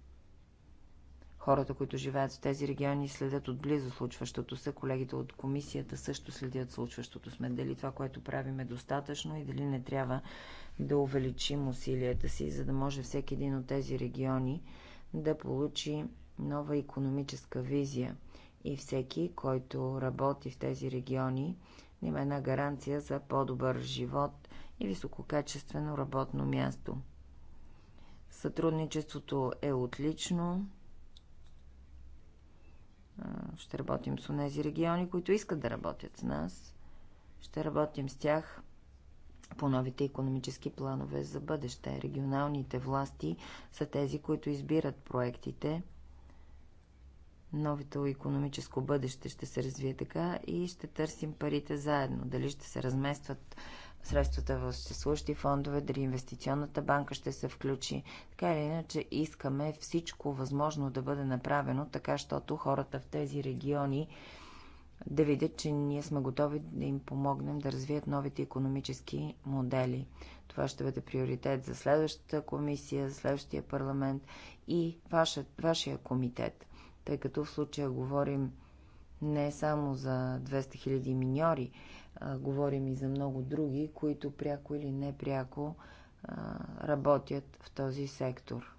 Хората, които живеят в тези региони, следят отблизо случващото се. Колегите от комисията също следят случващото сме. Дали това, което правим е достатъчно и дали не трябва да увеличим усилията си, за да може всеки един от тези региони да получи нова економическа визия – и всеки, който работи в тези региони, има една гаранция за по-добър живот и висококачествено работно място. Сътрудничеството е отлично. Ще работим с тези региони, които искат да работят с нас. Ще работим с тях по новите економически планове за бъдеще. Регионалните власти са тези, които избират проектите новото економическо бъдеще ще се развие така и ще търсим парите заедно. Дали ще се разместват средствата в съществуващи фондове, дали инвестиционната банка ще се включи. Така или иначе искаме всичко възможно да бъде направено, така щото хората в тези региони да видят, че ние сме готови да им помогнем да развият новите економически модели. Това ще бъде приоритет за следващата комисия, за следващия парламент и вашия комитет тъй като в случая говорим не само за 200 000 миньори, а говорим и за много други, които пряко или непряко работят в този сектор.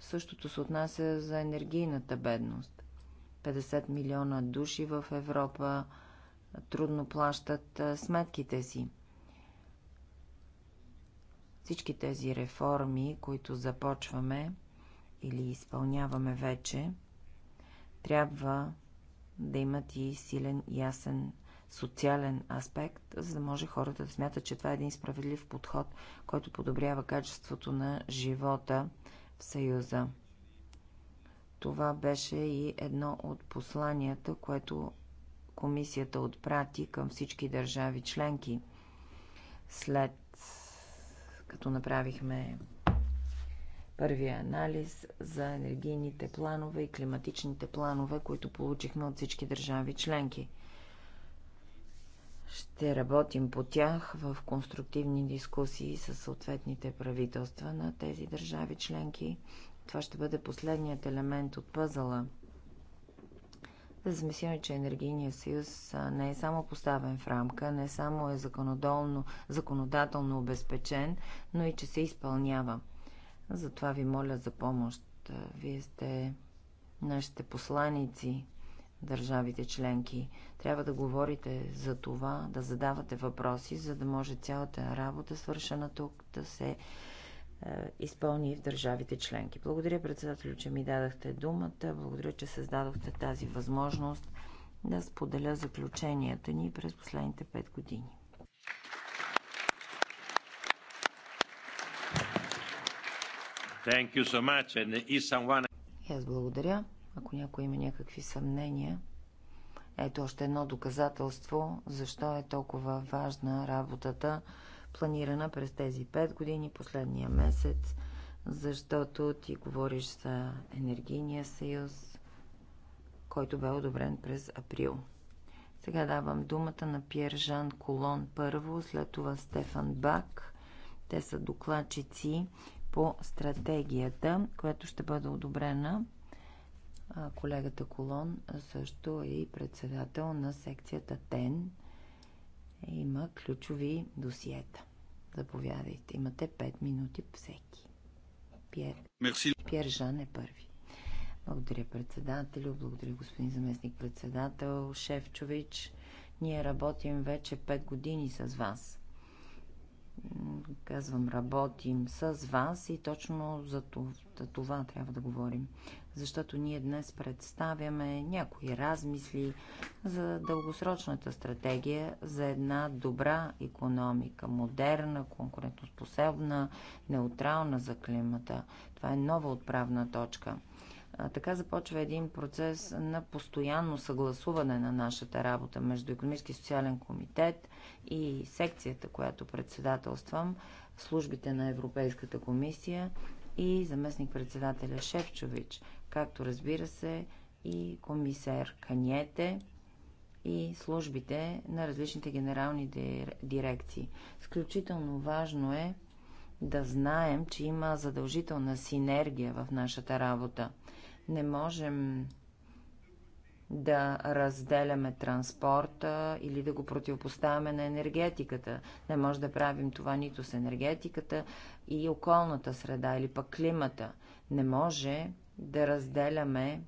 Същото се отнася за енергийната бедност. 50 милиона души в Европа трудно плащат сметките си. Всички тези реформи, които започваме, или изпълняваме вече, трябва да имат и силен, ясен социален аспект, за да може хората да смятат, че това е един справедлив подход, който подобрява качеството на живота в Съюза. Това беше и едно от посланията, което комисията отпрати към всички държави членки. След като направихме първия анализ за енергийните планове и климатичните планове, които получихме от всички държави членки. Ще работим по тях в конструктивни дискусии с съответните правителства на тези държави членки. Това ще бъде последният елемент от пъзала. Да замислим, че енергийният съюз не е само поставен в рамка, не само е законодателно обезпечен, но и че се изпълнява. Затова ви моля за помощ. Е, вие сте нашите посланици, държавите членки. Трябва да говорите за това, да задавате въпроси, за да може цялата работа, свършена тук, да се е, изпълни в държавите членки. Благодаря, председател, че ми дадахте думата. Благодаря, че създадохте тази възможност да споделя заключенията ни през последните пет години. Thank you so much. And someone... Аз благодаря. Ако някой има някакви съмнения, ето още едно доказателство, защо е толкова важна работата, планирана през тези 5 години, последния месец, защото ти говориш за енергийния съюз, който бе одобрен през април. Сега давам думата на Пьер Жан Колон първо, след това Стефан Бак. Те са докладчици по стратегията, която ще бъде одобрена. Колегата Колон също е и председател на секцията ТЕН. Има ключови досиета. Заповядайте. Имате 5 минути всеки. Пьер, Мерси. Пьер Жан е първи. Благодаря председателю, благодаря господин заместник председател Шефчович. Ние работим вече 5 години с вас казвам, работим с вас и точно за това, за това трябва да говорим. Защото ние днес представяме някои размисли за дългосрочната стратегия за една добра економика, модерна, конкурентоспособна, неутрална за климата. Това е нова отправна точка. Така започва един процес на постоянно съгласуване на нашата работа между Економически и социален комитет и секцията, която председателствам, службите на Европейската комисия и заместник-председателя Шевчович, както разбира се и комисар Каньете и службите на различните генерални дирекции. Изключително важно е да знаем, че има задължителна синергия в нашата работа – не можем да разделяме транспорта или да го противопоставяме на енергетиката. Не може да правим това нито с енергетиката и околната среда или пък климата. Не може да разделяме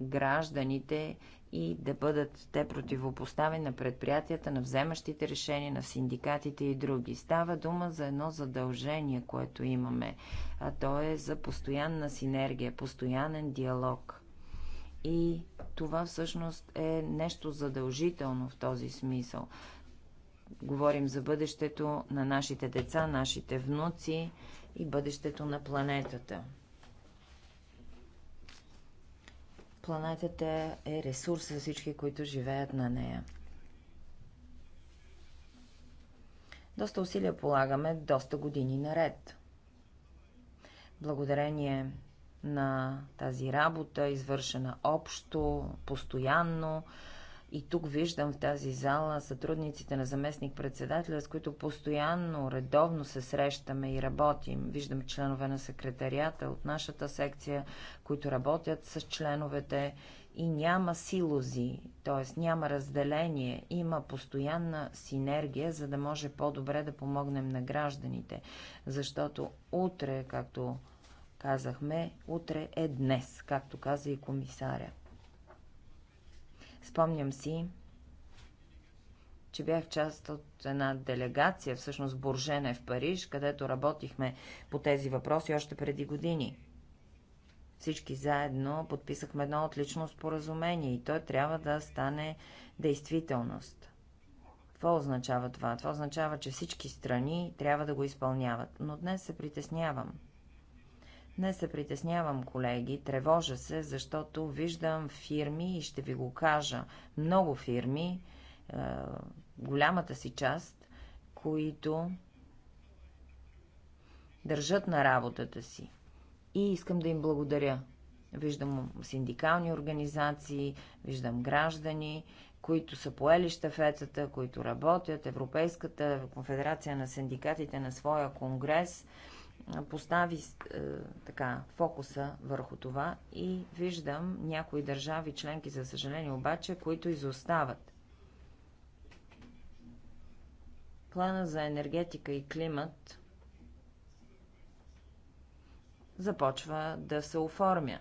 гражданите и да бъдат те противопоставени на предприятията, на вземащите решения, на синдикатите и други. Става дума за едно задължение, което имаме, а то е за постоянна синергия, постоянен диалог. И това всъщност е нещо задължително в този смисъл. Говорим за бъдещето на нашите деца, нашите внуци и бъдещето на планетата. Планетата е ресурс за всички, които живеят на нея. Доста усилия полагаме, доста години наред. Благодарение на тази работа, извършена общо, постоянно, и тук виждам в тази зала сътрудниците на заместник-председателя, с които постоянно, редовно се срещаме и работим. Виждам членове на секретарията от нашата секция, които работят с членовете и няма силози, т.е. няма разделение, има постоянна синергия, за да може по-добре да помогнем на гражданите. Защото утре, както казахме, утре е днес, както каза и комисаря. Спомням си, че бях част от една делегация, всъщност Буржене в Париж, където работихме по тези въпроси още преди години. Всички заедно подписахме едно отлично споразумение и то трябва да стане действителност. Какво означава това? Това означава, че всички страни трябва да го изпълняват. Но днес се притеснявам – не се притеснявам, колеги, тревожа се, защото виждам фирми и ще ви го кажа, много фирми, е, голямата си част, които държат на работата си. И искам да им благодаря. Виждам синдикални организации, виждам граждани, които са поели щафетата, които работят, Европейската конфедерация на синдикатите на своя конгрес – постави е, така фокуса върху това и виждам някои държави членки, за съжаление обаче, които изостават. Плана за енергетика и климат започва да се оформя.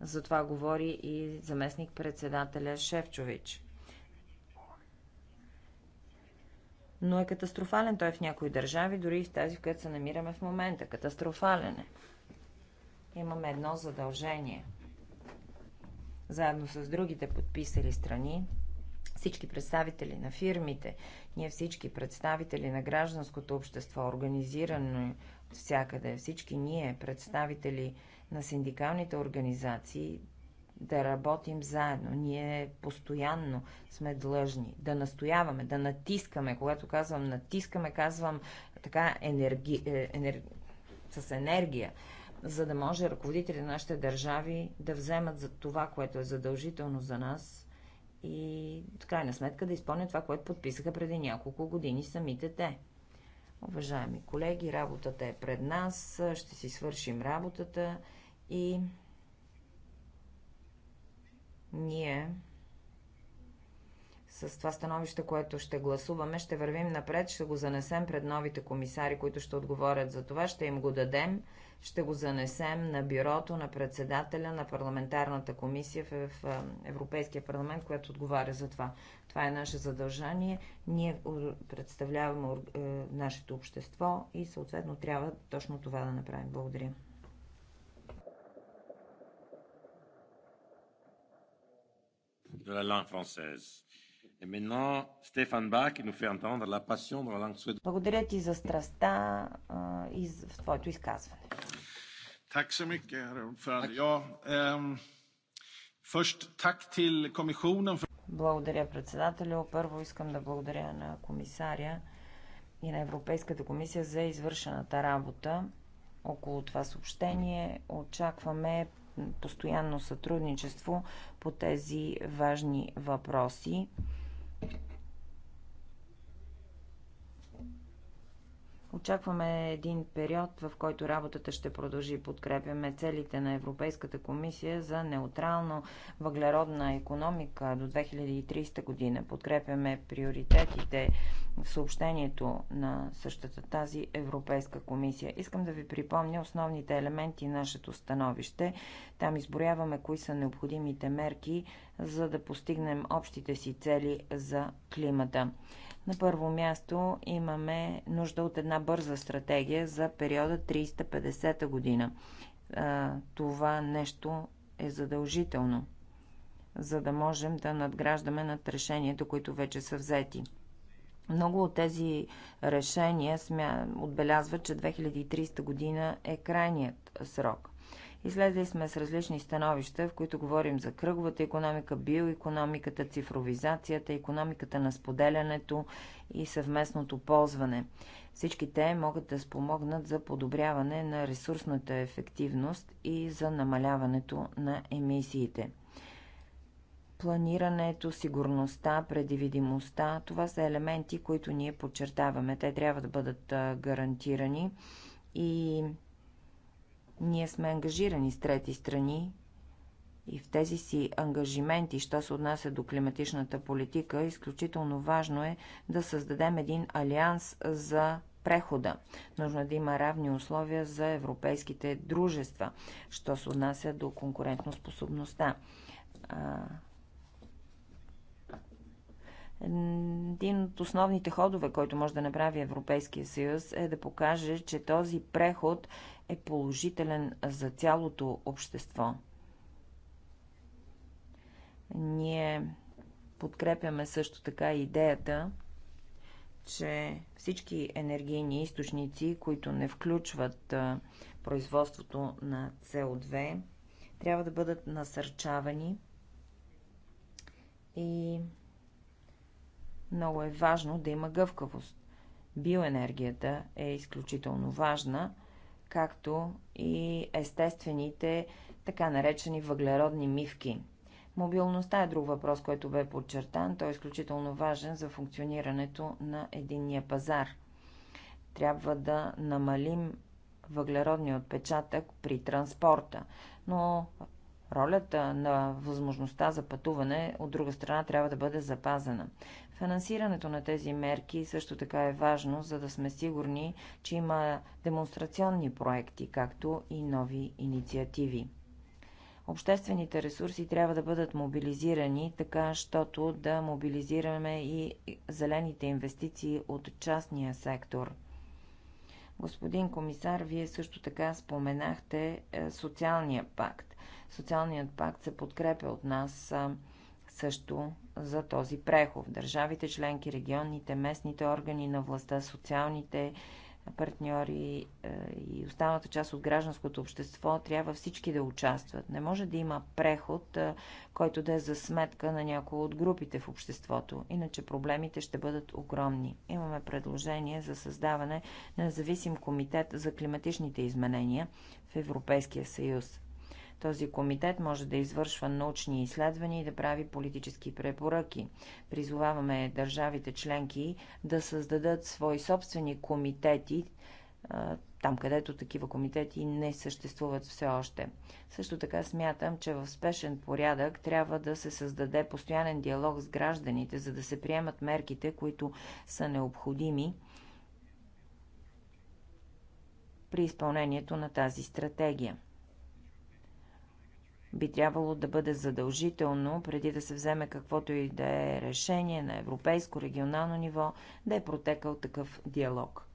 За това говори и заместник-председателя Шевчович. но е катастрофален той в някои държави, дори и в тази, в която се намираме в момента. Катастрофален е. Имаме едно задължение. Заедно с другите подписали страни, всички представители на фирмите, ние всички представители на гражданското общество, организирано всякъде, всички ние, представители на синдикалните организации, да работим заедно. Ние постоянно сме длъжни да настояваме, да натискаме. Когато казвам натискаме, казвам така енерги... Е, енер... с енергия, за да може ръководители на нашите държави да вземат за това, което е задължително за нас и в крайна сметка да изпълнят това, което подписаха преди няколко години самите те. Уважаеми колеги, работата е пред нас, ще си свършим работата и ние с това становище, което ще гласуваме, ще вървим напред, ще го занесем пред новите комисари, които ще отговорят за това, ще им го дадем, ще го занесем на бюрото на председателя на парламентарната комисия в Европейския парламент, която отговаря за това. Това е наше задължение. Ние представляваме е, нашето общество и съответно трябва точно това да направим. Благодаря. de la langue française. Et maintenant, Stéphane Bach qui nous fait entendre la passion de la langue suédoise. Благодаря ти за страста и в твоето изказване. Tack så mycket, herr ordförande. Ja, ehm, först tack till kommissionen Благодаря, председателю. Първо искам да благодаря на комисаря и на Европейската комисия за извършената работа около това съобщение. Очакваме постоянно сътрудничество по тези важни въпроси Очакваме един период, в който работата ще продължи. Подкрепяме целите на Европейската комисия за неутрално въглеродна економика до 2030 година. Подкрепяме приоритетите в съобщението на същата тази Европейска комисия. Искам да ви припомня основните елементи нашето становище. Там изборяваме кои са необходимите мерки, за да постигнем общите си цели за климата. На първо място имаме нужда от една бърза стратегия за периода 350 година. Това нещо е задължително, за да можем да надграждаме над решенията, които вече са взети. Много от тези решения отбелязват, че 2300 година е крайният срок. Излезли сме с различни становища, в които говорим за кръговата економика, биоекономиката, цифровизацията, економиката на споделянето и съвместното ползване. Всички те могат да спомогнат за подобряване на ресурсната ефективност и за намаляването на емисиите. Планирането, сигурността, предвидимостта – това са елементи, които ние подчертаваме. Те трябва да бъдат гарантирани и ние сме ангажирани с трети страни и в тези си ангажименти, що се отнася до климатичната политика, изключително важно е да създадем един алианс за прехода. Нужно е да има равни условия за европейските дружества, що се отнася до конкурентоспособността. Един от основните ходове, който може да направи Европейския съюз, е да покаже, че този преход е положителен за цялото общество. Ние подкрепяме също така идеята, че всички енергийни източници, които не включват производството на со 2 трябва да бъдат насърчавани и много е важно да има гъвкавост. Биоенергията е изключително важна както и естествените така наречени въглеродни мивки. Мобилността е друг въпрос, който бе подчертан. Той е изключително важен за функционирането на единния пазар. Трябва да намалим въглеродния отпечатък при транспорта, но Ролята на възможността за пътуване, от друга страна, трябва да бъде запазена. Финансирането на тези мерки също така е важно, за да сме сигурни, че има демонстрационни проекти, както и нови инициативи. Обществените ресурси трябва да бъдат мобилизирани, така, щото да мобилизираме и зелените инвестиции от частния сектор – Господин комисар, вие също така споменахте е, социалния пакт. Социалният пакт се подкрепя от нас също за този прехов. Държавите членки, регионните, местните органи на властта, социалните партньори е, и останалата част от гражданското общество трябва всички да участват. Не може да има преход, е, който да е за сметка на някои от групите в обществото, иначе проблемите ще бъдат огромни. Имаме предложение за създаване на независим комитет за климатичните изменения в Европейския съюз. Този комитет може да извършва научни изследвания и да прави политически препоръки. Призоваваме държавите членки да създадат свои собствени комитети, там където такива комитети не съществуват все още. Също така смятам, че в спешен порядък трябва да се създаде постоянен диалог с гражданите, за да се приемат мерките, които са необходими при изпълнението на тази стратегия би трябвало да бъде задължително, преди да се вземе каквото и да е решение на европейско, регионално ниво, да е протекал такъв диалог.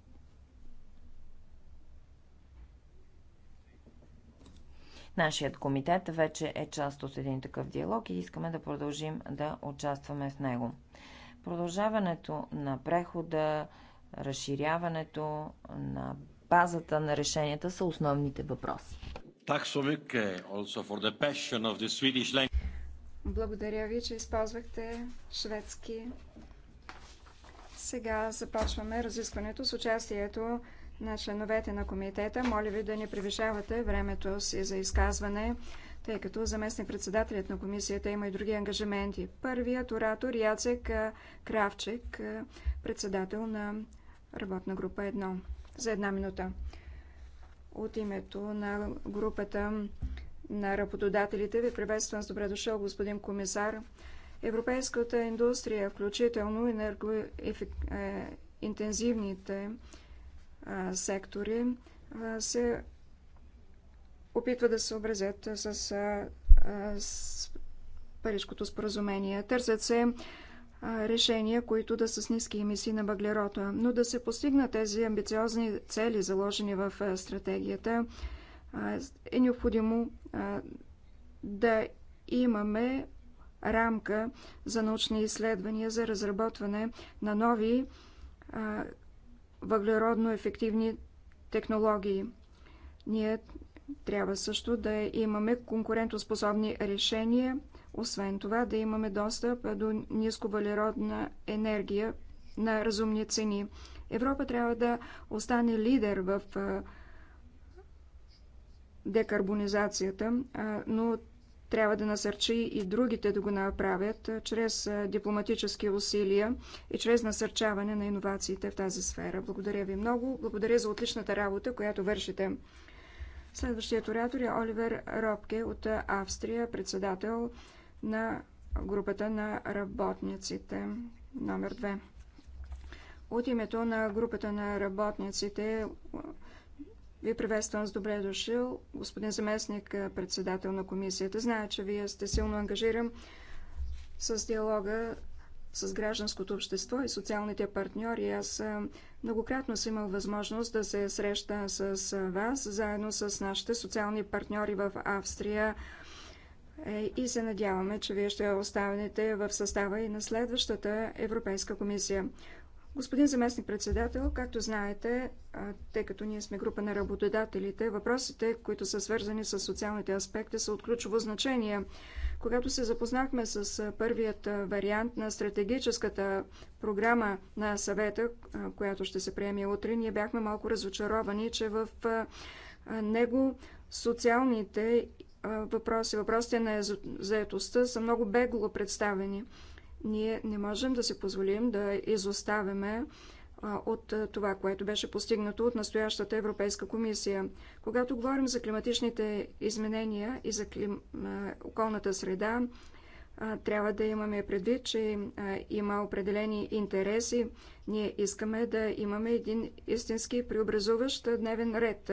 Нашият комитет вече е част от един такъв диалог и искаме да продължим да участваме в него. Продължаването на прехода, разширяването на базата на решенията са основните въпроси. Благодаря ви, че използвахте шведски. Сега започваме разискването с участието на членовете на комитета. Моля ви да не превишавате времето си за изказване, тъй като заместник-председателят на комисията има и други ангажименти. Първият оратор Яцек Кравчек, председател на работна група 1. За една минута. От името на групата на работодателите ви приветствам с добре дошъл, господин комисар. Европейската индустрия, включително енергоинтензивните е, сектори, се опитва да се образят с Парижкото споразумение. Търсят се решения, които да са с ниски емисии на въглерода. Но да се постигнат тези амбициозни цели, заложени в стратегията, е необходимо да имаме рамка за научни изследвания за разработване на нови въглеродно ефективни технологии. Ние трябва също да имаме конкурентоспособни решения освен това да имаме достъп до нисковалеродна енергия на разумни цени. Европа трябва да остане лидер в декарбонизацията, но трябва да насърчи и другите да го направят чрез дипломатически усилия и чрез насърчаване на иновациите в тази сфера. Благодаря ви много. Благодаря за отличната работа, която вършите. Следващият оратор е Оливер Робке от Австрия, председател на групата на работниците. Номер 2. От името на групата на работниците е, ви приветствам с добре дошъл, господин заместник, е, председател на комисията. Зная, че вие сте силно ангажиран с диалога с гражданското общество и социалните партньори. Аз е, многократно съм имал възможност да се среща с вас, заедно с нашите социални партньори в Австрия, е, и се надяваме, че вие ще останете в състава и на следващата Европейска комисия. Господин заместник председател, както знаете, тъй като ние сме група на работодателите, въпросите, които са свързани с социалните аспекти, са от ключово значение. Когато се запознахме с първият вариант на стратегическата програма на съвета, която ще се приеме утре, ние бяхме малко разочаровани, че в него социалните въпроси, въпросите на заетостта са много бегло представени. Ние не можем да си позволим да изоставяме от това, което беше постигнато от настоящата Европейска комисия. Когато говорим за климатичните изменения и за клим... околната среда, трябва да имаме предвид, че има определени интереси. Ние искаме да имаме един истински преобразуващ дневен ред.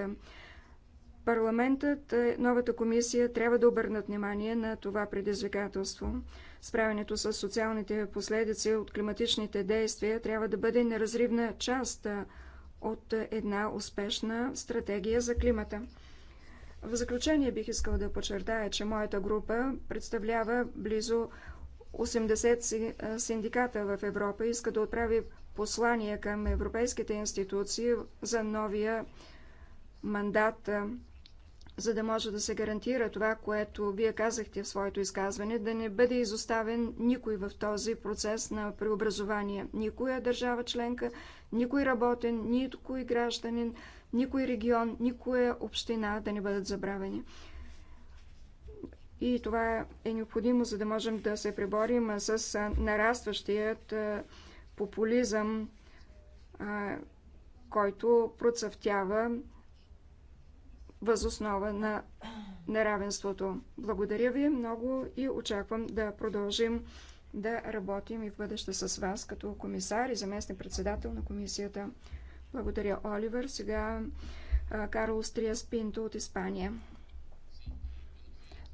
Парламентът, е, новата комисия трябва да обърнат внимание на това предизвикателство. Справянето с социалните последици от климатичните действия трябва да бъде неразривна част е, от една успешна стратегия за климата. В заключение бих искал да подчертая, че моята група представлява близо 80 е, синдиката в Европа и иска да отправи послание към европейските институции за новия мандат за да може да се гарантира това, което вие казахте в своето изказване, да не бъде изоставен никой в този процес на преобразование. Никоя държава членка, никой работен, никой гражданин, никой регион, никоя община да не бъдат забравени. И това е необходимо, за да можем да се преборим с нарастващият популизъм, който процъфтява възоснова на неравенството. Благодаря ви много и очаквам да продължим да работим и в бъдеще с вас като комисар и заместник председател на комисията. Благодаря, Оливер. Сега Карл Стриас Пинто от Испания.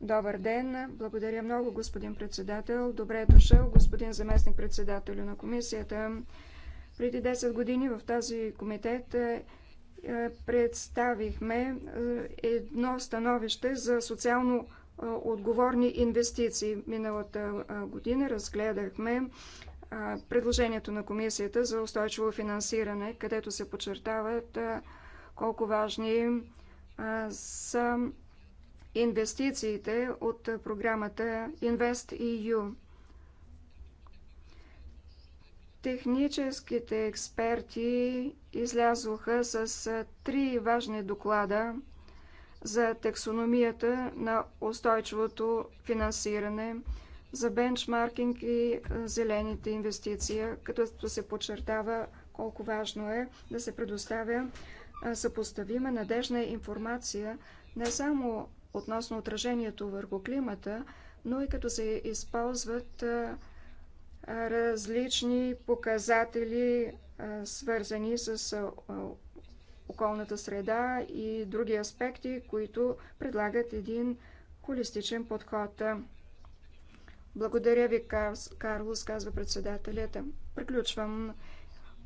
Добър ден! Благодаря много, господин председател. Добре е дошъл, господин заместник председател на комисията. Преди 10 години в тази комитет е, е, представихме е, едно становище за социално е, отговорни инвестиции. Миналата година разгледахме предложението на Комисията за устойчиво финансиране, където се подчертават колко важни са инвестициите от програмата InvestEU. Техническите експерти излязоха с три важни доклада за таксономията на устойчивото финансиране, за бенчмаркинг и зелените инвестиции, като се подчертава колко важно е да се предоставя съпоставима надежна информация не само относно отражението върху климата, но и като се използват различни показатели, свързани с околната среда и други аспекти, които предлагат един холистичен подход. Благодаря ви, Карлос, казва председателят. Приключвам.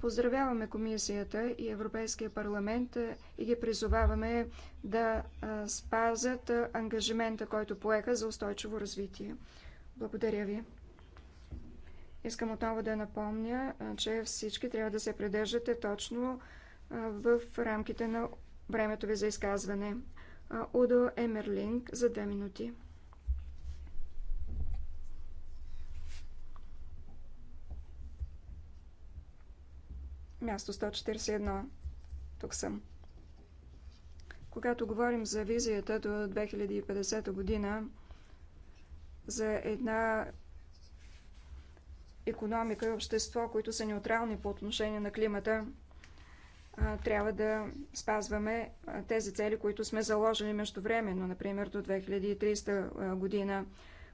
Поздравяваме комисията и Европейския парламент и ги призоваваме да спазят ангажимента, който поеха за устойчиво развитие. Благодаря ви. Искам отново да напомня, че всички трябва да се придържате точно в рамките на времето ви за изказване. Удо Емерлинг за две минути. Място 141. Тук съм. Когато говорим за визията до 2050 година, за една економика и общество, които са неутрални по отношение на климата, трябва да спазваме тези цели, които сме заложили междувременно, например до 2300 година.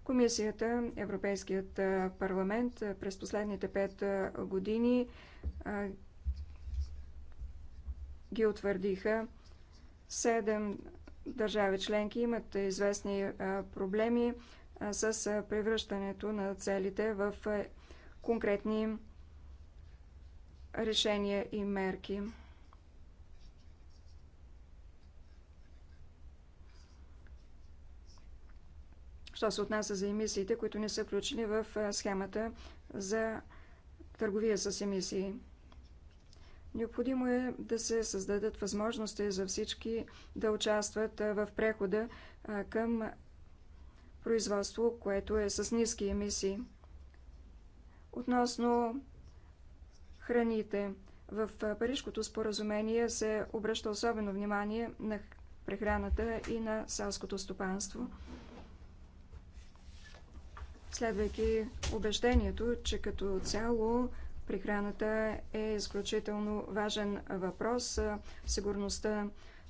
Комисията, Европейският парламент през последните пет години ги утвърдиха. Седем държави членки имат известни проблеми с превръщането на целите в конкретни решения и мерки. Що се отнася за емисиите, които не са включени в схемата за търговия с емисии. Необходимо е да се създадат възможности за всички да участват в прехода към производство, което е с ниски емисии. Относно храните, в Парижкото споразумение се обръща особено внимание на прехраната и на селското стопанство. Следвайки убеждението, че като цяло прехраната е изключително важен въпрос, сигурността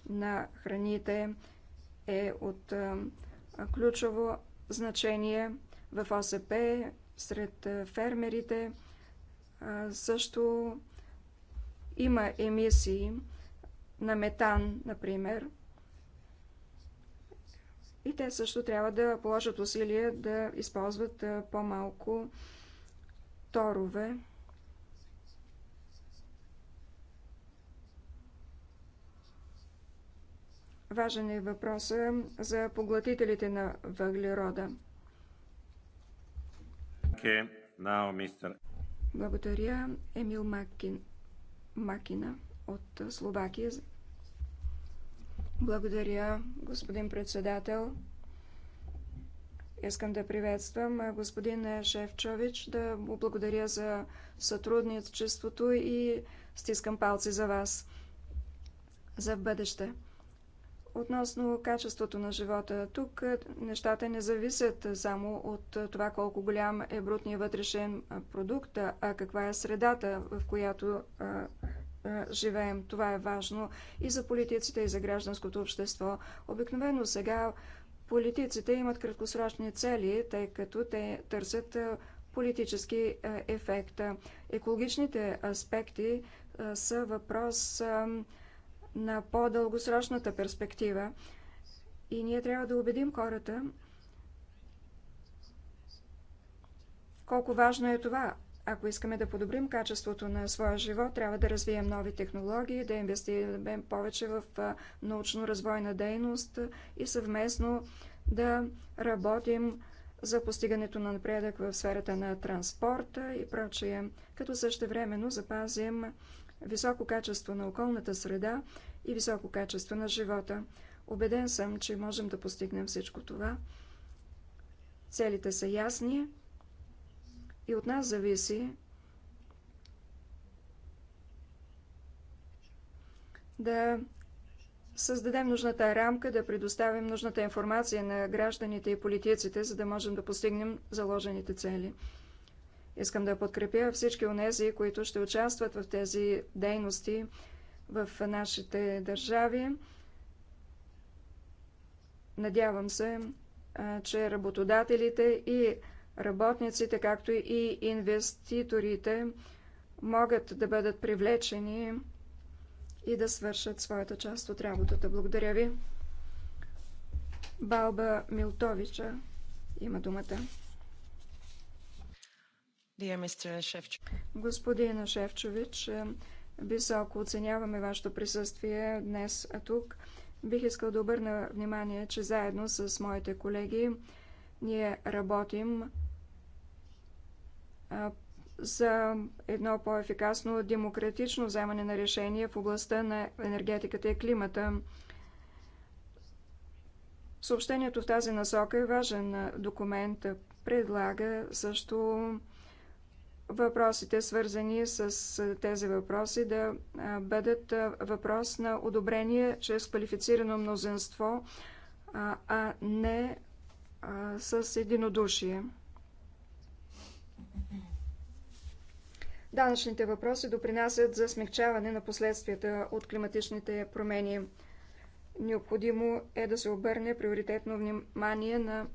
на храните е от ключово значение в ОСП сред е, фермерите също има емисии на метан, например. И те също трябва да положат усилия да използват е, по-малко торове. Важен е въпроса за поглътителите на въглерода. Now, Благодаря, Емил Макина от Словакия. Благодаря, господин председател. Искам да приветствам господин Шефчович, да му благодаря за сътрудничеството и стискам палци за вас за бъдеще. Относно качеството на живота, тук е, нещата не зависят само от е, това колко голям е брутният вътрешен е, продукт, а каква е средата, в която живеем. Това е важно и за политиците, и за гражданското общество. Обикновено сега политиците имат краткосрочни цели, тъй като те търсят политически ефект. Екологичните аспекти са въпрос на по-дългосрочната перспектива. И ние трябва да убедим хората колко важно е това. Ако искаме да подобрим качеството на своя живот, трябва да развием нови технологии, да инвестираме повече в научно-развойна дейност и съвместно да работим за постигането на напредък в сферата на транспорта и прочее, като същевременно запазим високо качество на околната среда и високо качество на живота. Обеден съм, че можем да постигнем всичко това. Целите са ясни и от нас зависи да създадем нужната рамка, да предоставим нужната информация на гражданите и политиците, за да можем да постигнем заложените цели. Искам да подкрепя всички онези, които ще участват в тези дейности в нашите държави. Надявам се, че работодателите и работниците, както и инвеститорите, могат да бъдат привлечени и да свършат своята част от работата. Благодаря ви. Балба Милтовича има думата. Господин Шефчович, е, високо оценяваме вашето присъствие днес тук. Бих искал да обърна внимание, че заедно с моите колеги ние работим е, за едно по-ефикасно демократично вземане на решения в областта на енергетиката и климата. Съобщението в тази насока е важен е, документ. Предлага също въпросите, свързани с тези въпроси, да бъдат въпрос на одобрение чрез квалифицирано мнозинство, а не с единодушие. Данъчните въпроси допринасят за смягчаване на последствията от климатичните промени. Необходимо е да се обърне приоритетно внимание на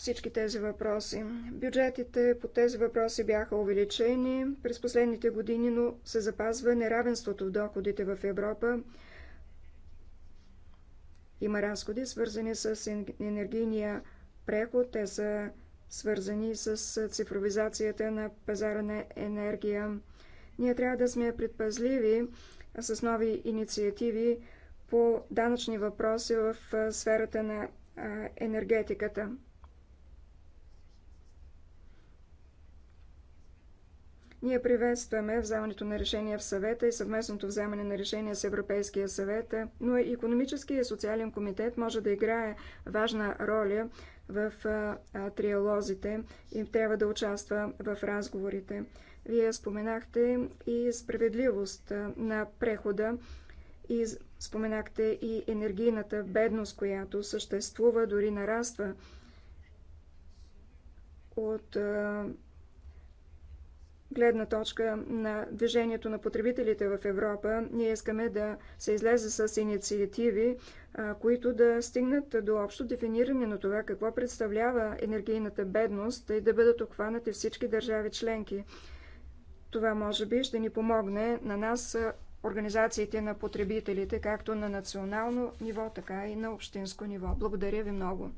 всички тези въпроси. Бюджетите по тези въпроси бяха увеличени през последните години, но се запазва неравенството в доходите в Европа. Има разходи, свързани с енергийния преход. Те са свързани с цифровизацията на пазара на енергия. Ние трябва да сме предпазливи с нови инициативи по данъчни въпроси в сферата на енергетиката. Ние приветстваме вземането на решения в съвета и съвместното вземане на решения с Европейския съвет, но и економическия и социален комитет може да играе важна роля в триалозите и трябва да участва в разговорите. Вие споменахте и справедливост на прехода и споменахте и енергийната бедност, която съществува, дори нараства от гледна точка на движението на потребителите в Европа, ние искаме да се излезе с инициативи, които да стигнат до общо дефиниране на това какво представлява енергийната бедност и да бъдат обхванати всички държави членки. Това може би ще ни помогне на нас, организациите на потребителите, както на национално ниво, така и на общинско ниво. Благодаря ви много.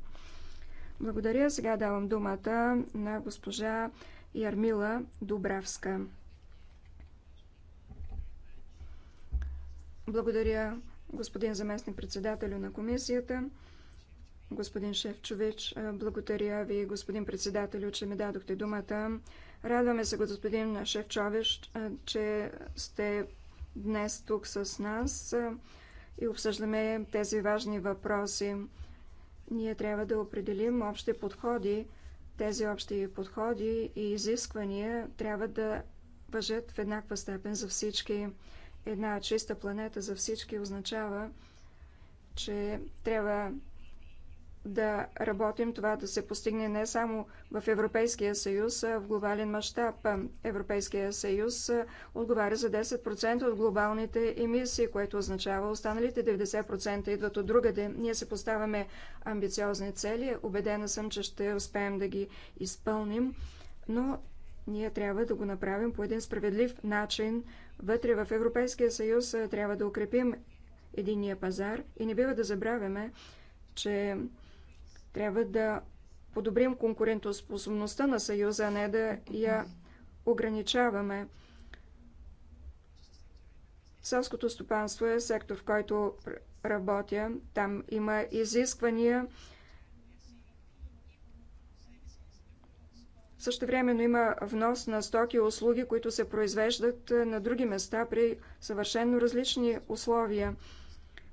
Благодаря. Сега давам думата на госпожа Ярмила Добравска. Благодаря господин заместник председателю на комисията, господин Шефчович. Благодаря ви, господин председателю, че ми дадохте думата. Радваме се, господин Шефчович, че сте днес тук с нас и обсъждаме тези важни въпроси. Ние трябва да определим общи подходи тези общи подходи и изисквания трябва да въжат в еднаква степен за всички. Една чиста планета за всички означава, че трябва да работим това да се постигне не само в Европейския съюз, а в глобален мащаб. Европейския съюз отговаря за 10% от глобалните емисии, което означава останалите 90% идват от другаде. Ние се поставяме амбициозни цели. Обедена съм, че ще успеем да ги изпълним, но ние трябва да го направим по един справедлив начин. Вътре в Европейския съюз трябва да укрепим единния пазар и не бива да забравяме, че трябва да подобрим конкурентоспособността на Съюза, а не да я ограничаваме. Селското стопанство е сектор, в който работя. Там има изисквания. Също времено има внос на стоки и услуги, които се произвеждат на други места при съвършенно различни условия.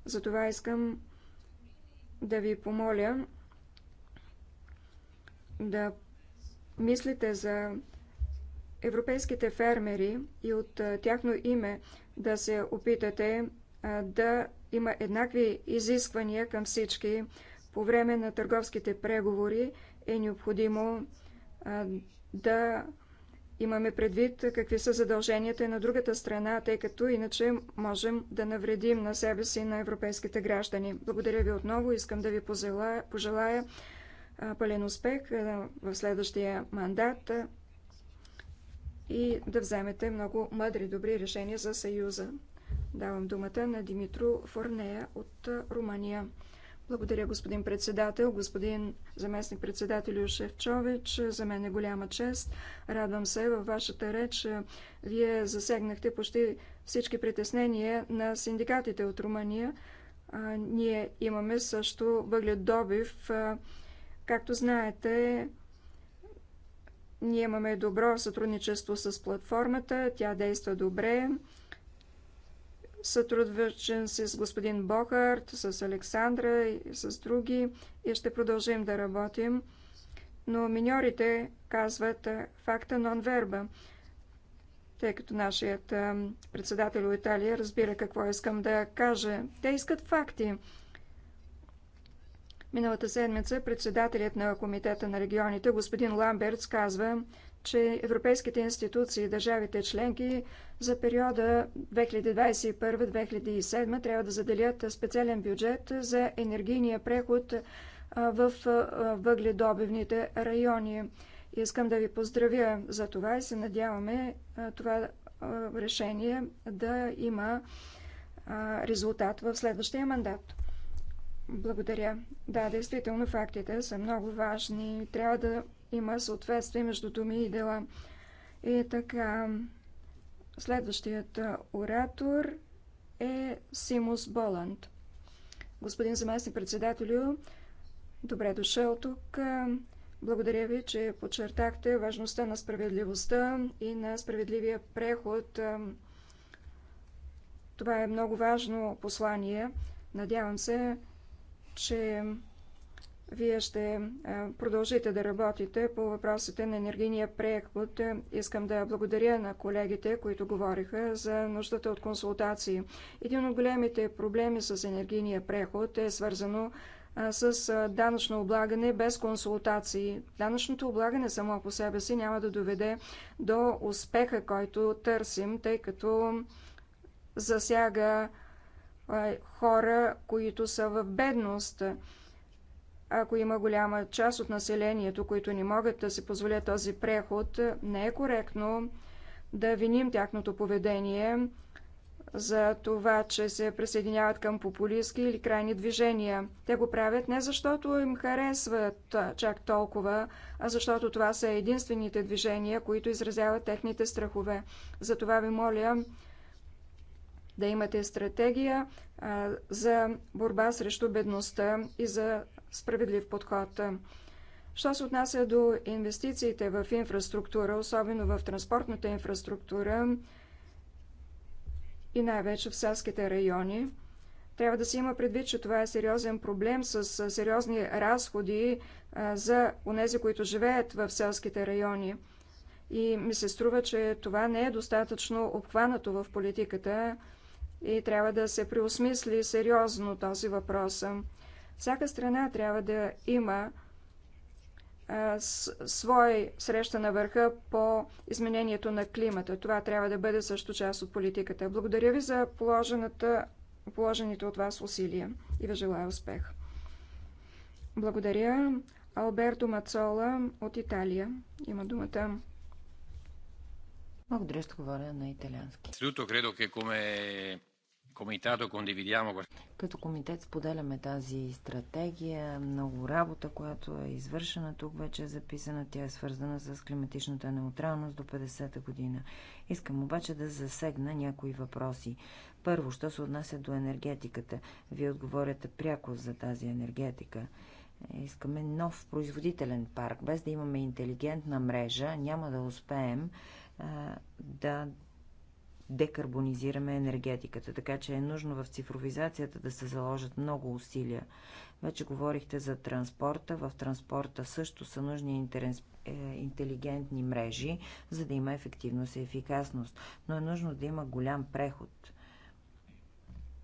Затова искам да ви помоля да мислите за европейските фермери и от тяхно име да се опитате да има еднакви изисквания към всички. По време на търговските преговори е необходимо да имаме предвид какви са задълженията на другата страна, тъй като иначе можем да навредим на себе си на европейските граждани. Благодаря ви отново. Искам да ви пожелая пълен успех в следващия мандат и да вземете много мъдри, добри решения за Съюза. Давам думата на Димитро Форнея от Румъния. Благодаря, господин председател, господин заместник председател Шевчович. За мен е голяма чест. Радвам се във вашата реч. Вие засегнахте почти всички притеснения на синдикатите от Румъния. Ние имаме също въгледобив добив Както знаете, ние имаме добро сътрудничество с платформата, тя действа добре. Сътрудвачен си с господин Бохарт, с Александра и с други и ще продължим да работим. Но миньорите казват факта нон-верба, тъй като нашият председател от Италия разбира какво искам да кажа. Те искат факти. Миналата седмица председателят на Комитета на регионите, господин Ламбертс, казва, че европейските институции и държавите членки за периода 2021-2007 трябва да заделят специален бюджет за енергийния преход в въгледобивните райони. Искам да ви поздравя за това и се надяваме това решение да има резултат в следващия мандат. Благодаря. Да, действително фактите са много важни. Трябва да има съответствие между думи и дела. И така, следващият оратор е Симус Боланд. Господин заместник председателю, добре дошъл тук. Благодаря ви, че подчертахте важността на справедливостта и на справедливия преход. Това е много важно послание. Надявам се, че вие ще е, продължите да работите по въпросите на енергийния преход. Искам да благодаря на колегите, които говориха за нуждата от консултации. Един от големите проблеми с енергийния преход е свързано с данъчно облагане без консултации. Данъчното облагане само по себе си няма да доведе до успеха, който търсим, тъй като засяга хора, които са в бедност. Ако има голяма част от населението, които не могат да си позволят този преход, не е коректно да виним тяхното поведение за това, че се присъединяват към популистски или крайни движения. Те го правят не защото им харесват чак толкова, а защото това са единствените движения, които изразяват техните страхове. Затова ви моля да имате стратегия за борба срещу бедността и за справедлив подход. Що се отнася до инвестициите в инфраструктура, особено в транспортната инфраструктура и най-вече в селските райони, трябва да се има предвид, че това е сериозен проблем с сериозни разходи за онези, които живеят в селските райони. И ми се струва, че това не е достатъчно обхванато в политиката и трябва да се преосмисли сериозно този въпрос. Всяка страна трябва да има свой среща на върха по изменението на климата. Това трябва да бъде също част от политиката. Благодаря ви за положените от вас усилия и ви желая успех. Благодаря. Алберто Мацола от Италия има думата. Благодаря, ще говоря на италиански. come като комитет споделяме тази стратегия. Много работа, която е извършена тук, вече е записана. Тя е свързана с климатичната неутралност до 50-та година. Искам обаче да засегна някои въпроси. Първо, що се отнася до енергетиката. Вие отговоряте пряко за тази енергетика. Искаме нов производителен парк. Без да имаме интелигентна мрежа, няма да успеем а, да декарбонизираме енергетиката. Така че е нужно в цифровизацията да се заложат много усилия. Вече говорихте за транспорта. В транспорта също са нужни е, интелигентни мрежи, за да има ефективност и ефикасност. Но е нужно да има голям преход.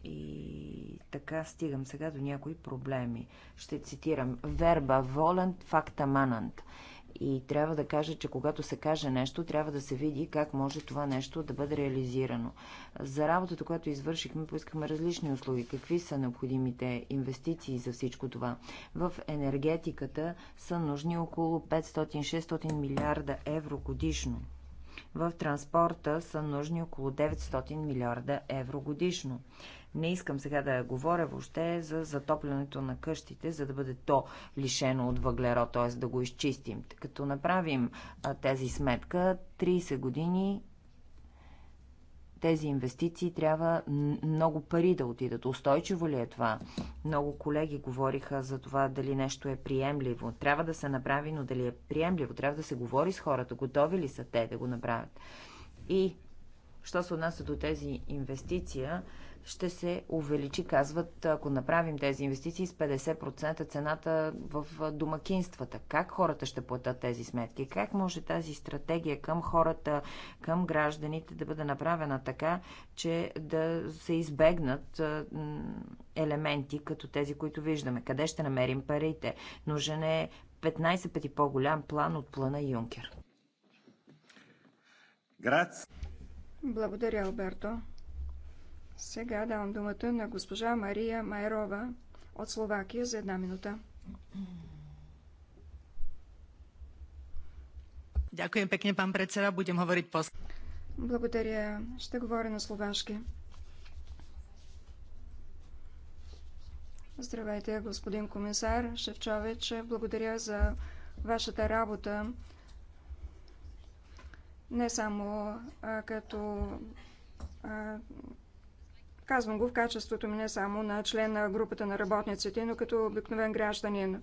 И така стигам сега до някои проблеми. Ще цитирам. Верба волент, факта манант. И трябва да кажа, че когато се каже нещо, трябва да се види как може това нещо да бъде реализирано. За работата, която извършихме, поискахме различни услуги. Какви са необходимите инвестиции за всичко това? В енергетиката са нужни около 500-600 милиарда евро годишно. В транспорта са нужни около 900 милиарда евро годишно. Не искам сега да говоря въобще за затоплянето на къщите, за да бъде то лишено от въглеро, т.е. да го изчистим. Като направим тези сметка, 30 години тези инвестиции трябва много пари да отидат. Устойчиво ли е това? Много колеги говориха за това дали нещо е приемливо. Трябва да се направи, но дали е приемливо. Трябва да се говори с хората. Готови ли са те да го направят? И, що се отнася до тези инвестиции, ще се увеличи, казват, ако направим тези инвестиции с 50% цената в домакинствата. Как хората ще платят тези сметки? Как може тази стратегия към хората, към гражданите да бъде направена така, че да се избегнат елементи, като тези, които виждаме? Къде ще намерим парите? Нужен е 15 пъти по-голям план от плана Юнкер. Благодаря, Алберто. Сега давам думата на госпожа Мария Майрова от Словакия за една минута. Дякуем пекне, пан председа. Будем говорить по... Благодаря. Ще говоря на словашки. Здравейте, господин комисар Шевчович. Благодаря за вашата работа. Не само а, като а, Казвам го в качеството ми не само на член на групата на работниците, но като обикновен гражданин.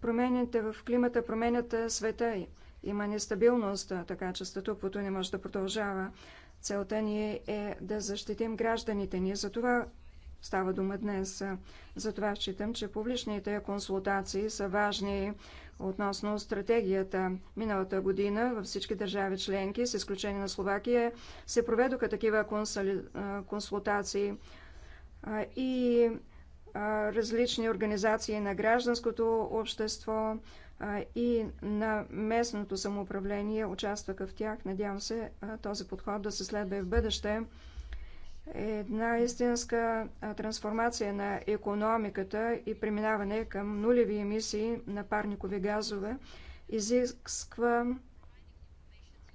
Промените в климата променят света. Има нестабилност, така че статуквото не може да продължава. Целта ни е да защитим гражданите ни. Затова става дума днес. Затова считам, че публичните консултации са важни относно стратегията. Миналата година във всички държави членки, с изключение на Словакия, се проведоха такива консултации и различни организации на гражданското общество и на местното самоуправление участваха в тях. Надявам се този подход да се следва и в бъдеще една истинска трансформация на економиката и преминаване към нулеви емисии на парникови газове изисква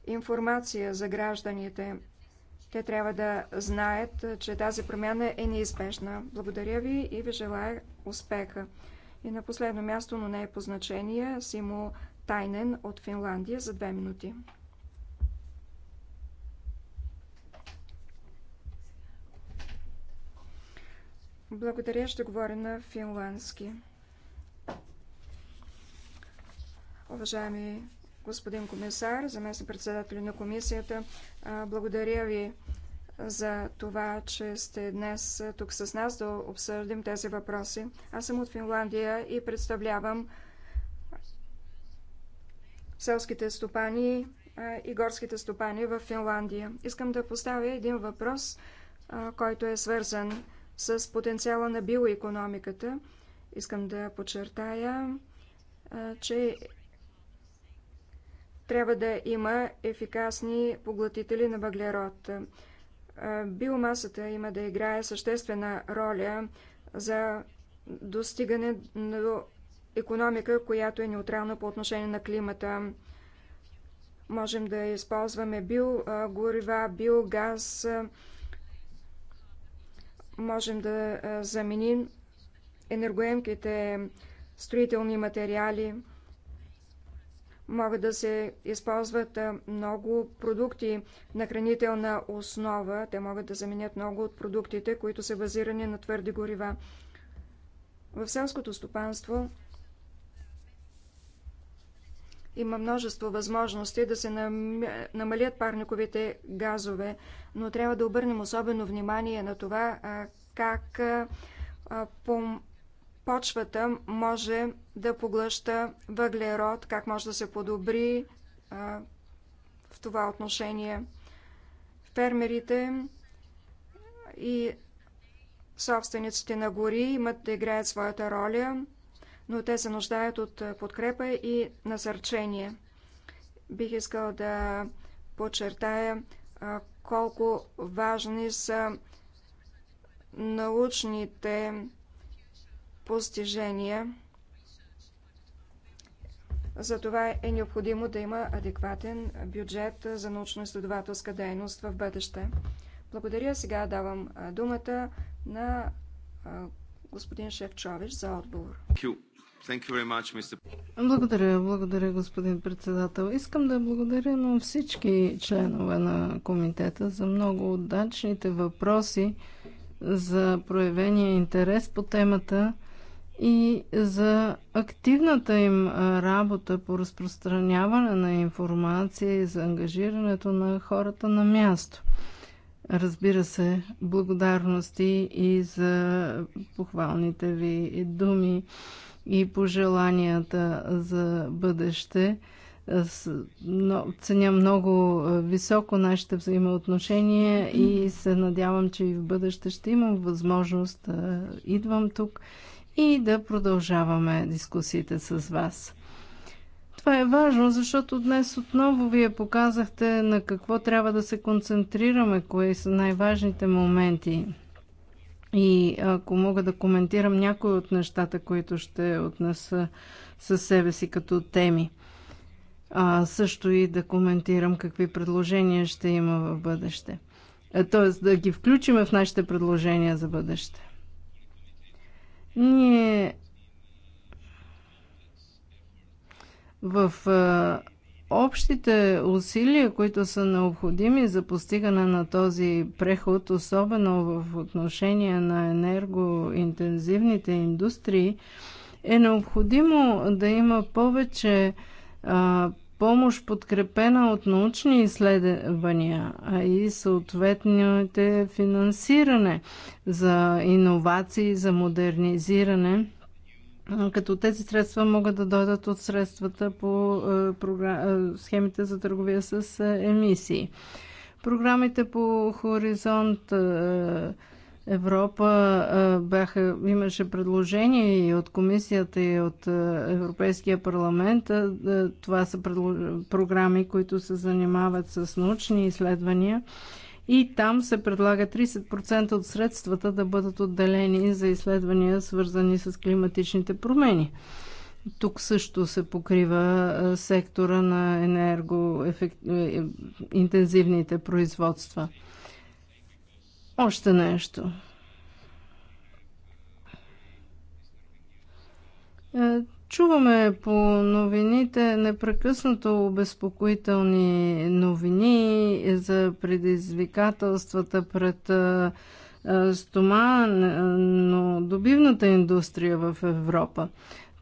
информация за гражданите. Те трябва да знаят, че тази промяна е неизбежна. Благодаря ви и ви желая успеха. И на последно място, но не е по значение, Симо Тайнен от Финландия за две минути. Благодаря, ще говоря на финландски. Уважаеми господин комисар, заместник председател на комисията, благодаря ви за това, че сте днес тук с нас да обсъдим тези въпроси. Аз съм от Финландия и представлявам селските стопани и горските стопани в Финландия. Искам да поставя един въпрос, който е свързан с с потенциала на биоекономиката. Искам да подчертая, че трябва да има ефикасни поглътители на въглерод. Биомасата има да играе съществена роля за достигане на економика, която е неутрална по отношение на климата. Можем да използваме биогорива, биогаз, биогаз, можем да заменим енергоемките строителни материали. Могат да се използват много продукти на хранителна основа. Те могат да заменят много от продуктите, които са базирани на твърди горива. В селското стопанство има множество възможности да се намалят парниковите газове, но трябва да обърнем особено внимание на това как почвата може да поглъща въглерод, как може да се подобри в това отношение. Фермерите и собствениците на гори имат да играят своята роля но те се нуждаят от подкрепа и насърчение. Бих искал да подчертая колко важни са научните постижения. Затова е необходимо да има адекватен бюджет за научно-изследователска дейност в бъдеще. Благодаря. Сега давам думата на господин Шевчович за отговор благодаря, благодаря, господин председател. Искам да благодаря на всички членове на комитета за много удачните въпроси, за проявения интерес по темата и за активната им работа по разпространяване на информация и за ангажирането на хората на място. Разбира се, благодарности и за похвалните ви думи и пожеланията за бъдеще. Ценя много високо нашите взаимоотношения и се надявам, че и в бъдеще ще имам възможност да идвам тук и да продължаваме дискусиите с вас. Това е важно, защото днес отново вие показахте на какво трябва да се концентрираме, кои са най-важните моменти. И ако мога да коментирам някои от нещата, които ще отнеса със себе си като теми. А, също и да коментирам какви предложения ще има в бъдеще. Тоест да ги включим в нашите предложения за бъдеще. Ние в общите усилия, които са необходими за постигане на този преход, особено в отношение на енергоинтензивните индустрии, е необходимо да има повече а, помощ, подкрепена от научни изследвания, а и съответните финансиране за иновации, за модернизиране като тези средства могат да дойдат от средствата по е, е, схемите за търговия с е, емисии. Програмите по Хоризонт Европа бяха, имаше предложение и от комисията, и от Европейския парламент. Това са програми, които се занимават с научни изследвания и там се предлага 30% от средствата да бъдат отделени за изследвания, свързани с климатичните промени. Тук също се покрива сектора на енергоинтензивните е, е, производства. Още нещо. Чуваме по новините непрекъснато обезпокоителни новини за предизвикателствата пред но добивната индустрия в Европа.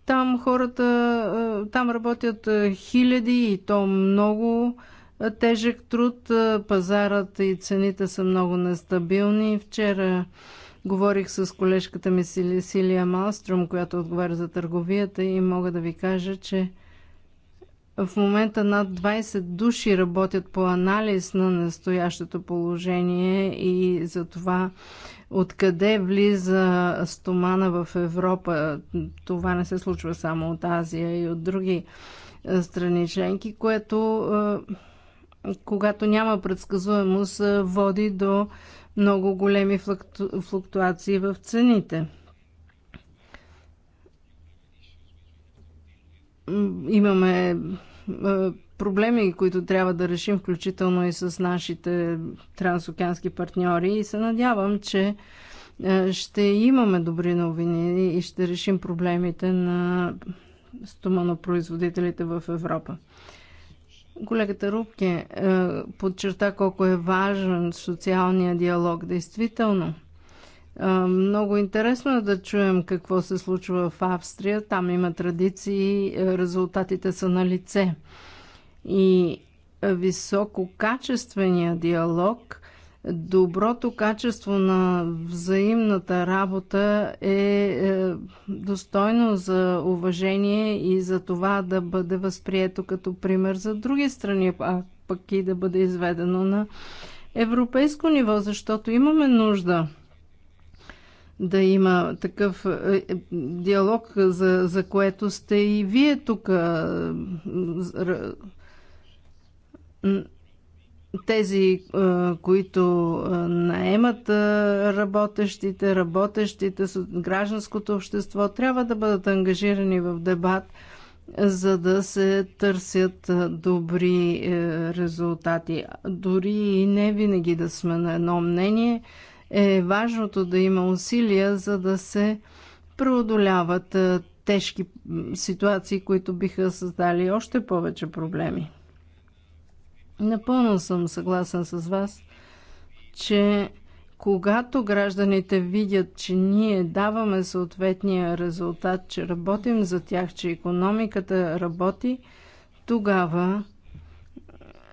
Там хората, там работят хиляди и то много тежък труд. Пазарът и цените са много нестабилни. Вчера Говорих с колежката ми Силия Малстром, която отговаря за търговията и мога да ви кажа, че в момента над 20 души работят по анализ на настоящото положение и за това откъде влиза стомана в Европа. Това не се случва само от Азия и от други страни членки, което когато няма предсказуемост води до много големи флукту... флуктуации в цените. Имаме проблеми, които трябва да решим, включително и с нашите трансокеански партньори. И се надявам, че ще имаме добри новини и ще решим проблемите на стоманопроизводителите в Европа. Колегата Рубке е, подчерта колко е важен социалния диалог. Действително, е, много интересно е да чуем какво се случва в Австрия. Там има традиции, е, резултатите са на лице. И е, висококачествения диалог доброто качество на взаимната работа е, е достойно за уважение и за това да бъде възприето като пример за други страни, а пък и да бъде изведено на европейско ниво, защото имаме нужда да има такъв е, е, диалог, за, за което сте и вие тук тези, които наемат работещите, работещите с гражданското общество, трябва да бъдат ангажирани в дебат, за да се търсят добри е, резултати. Дори и не винаги да сме на едно мнение, е важното да има усилия, за да се преодоляват тежки ситуации, които биха създали още повече проблеми. Напълно съм съгласен с вас, че когато гражданите видят, че ние даваме съответния резултат, че работим за тях, че економиката работи, тогава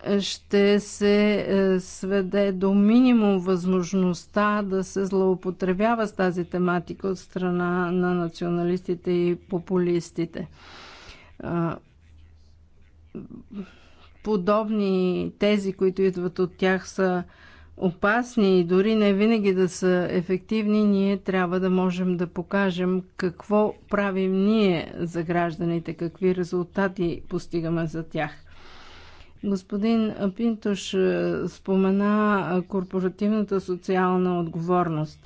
е, ще се е, сведе до минимум възможността да се злоупотребява с тази тематика от страна на националистите и популистите подобни тези, които идват от тях, са опасни и дори не винаги да са ефективни, ние трябва да можем да покажем какво правим ние за гражданите, какви резултати постигаме за тях. Господин Пинтош е, спомена е, корпоративната социална отговорност.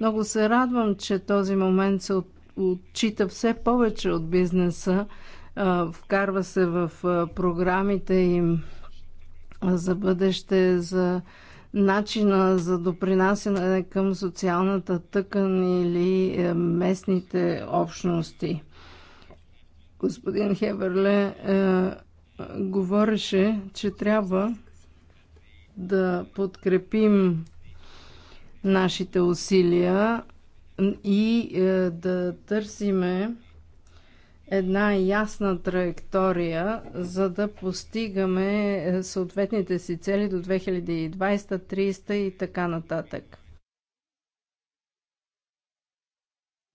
Много се радвам, че този момент се отчита все повече от бизнеса вкарва се в програмите им за бъдеще, за начина за допринасяне към социалната тъкан или е, местните общности. Господин Хеберле е, говореше, че трябва да подкрепим нашите усилия и е, да търсиме една ясна траектория, за да постигаме е, съответните си цели до 2020, 2030 и така нататък.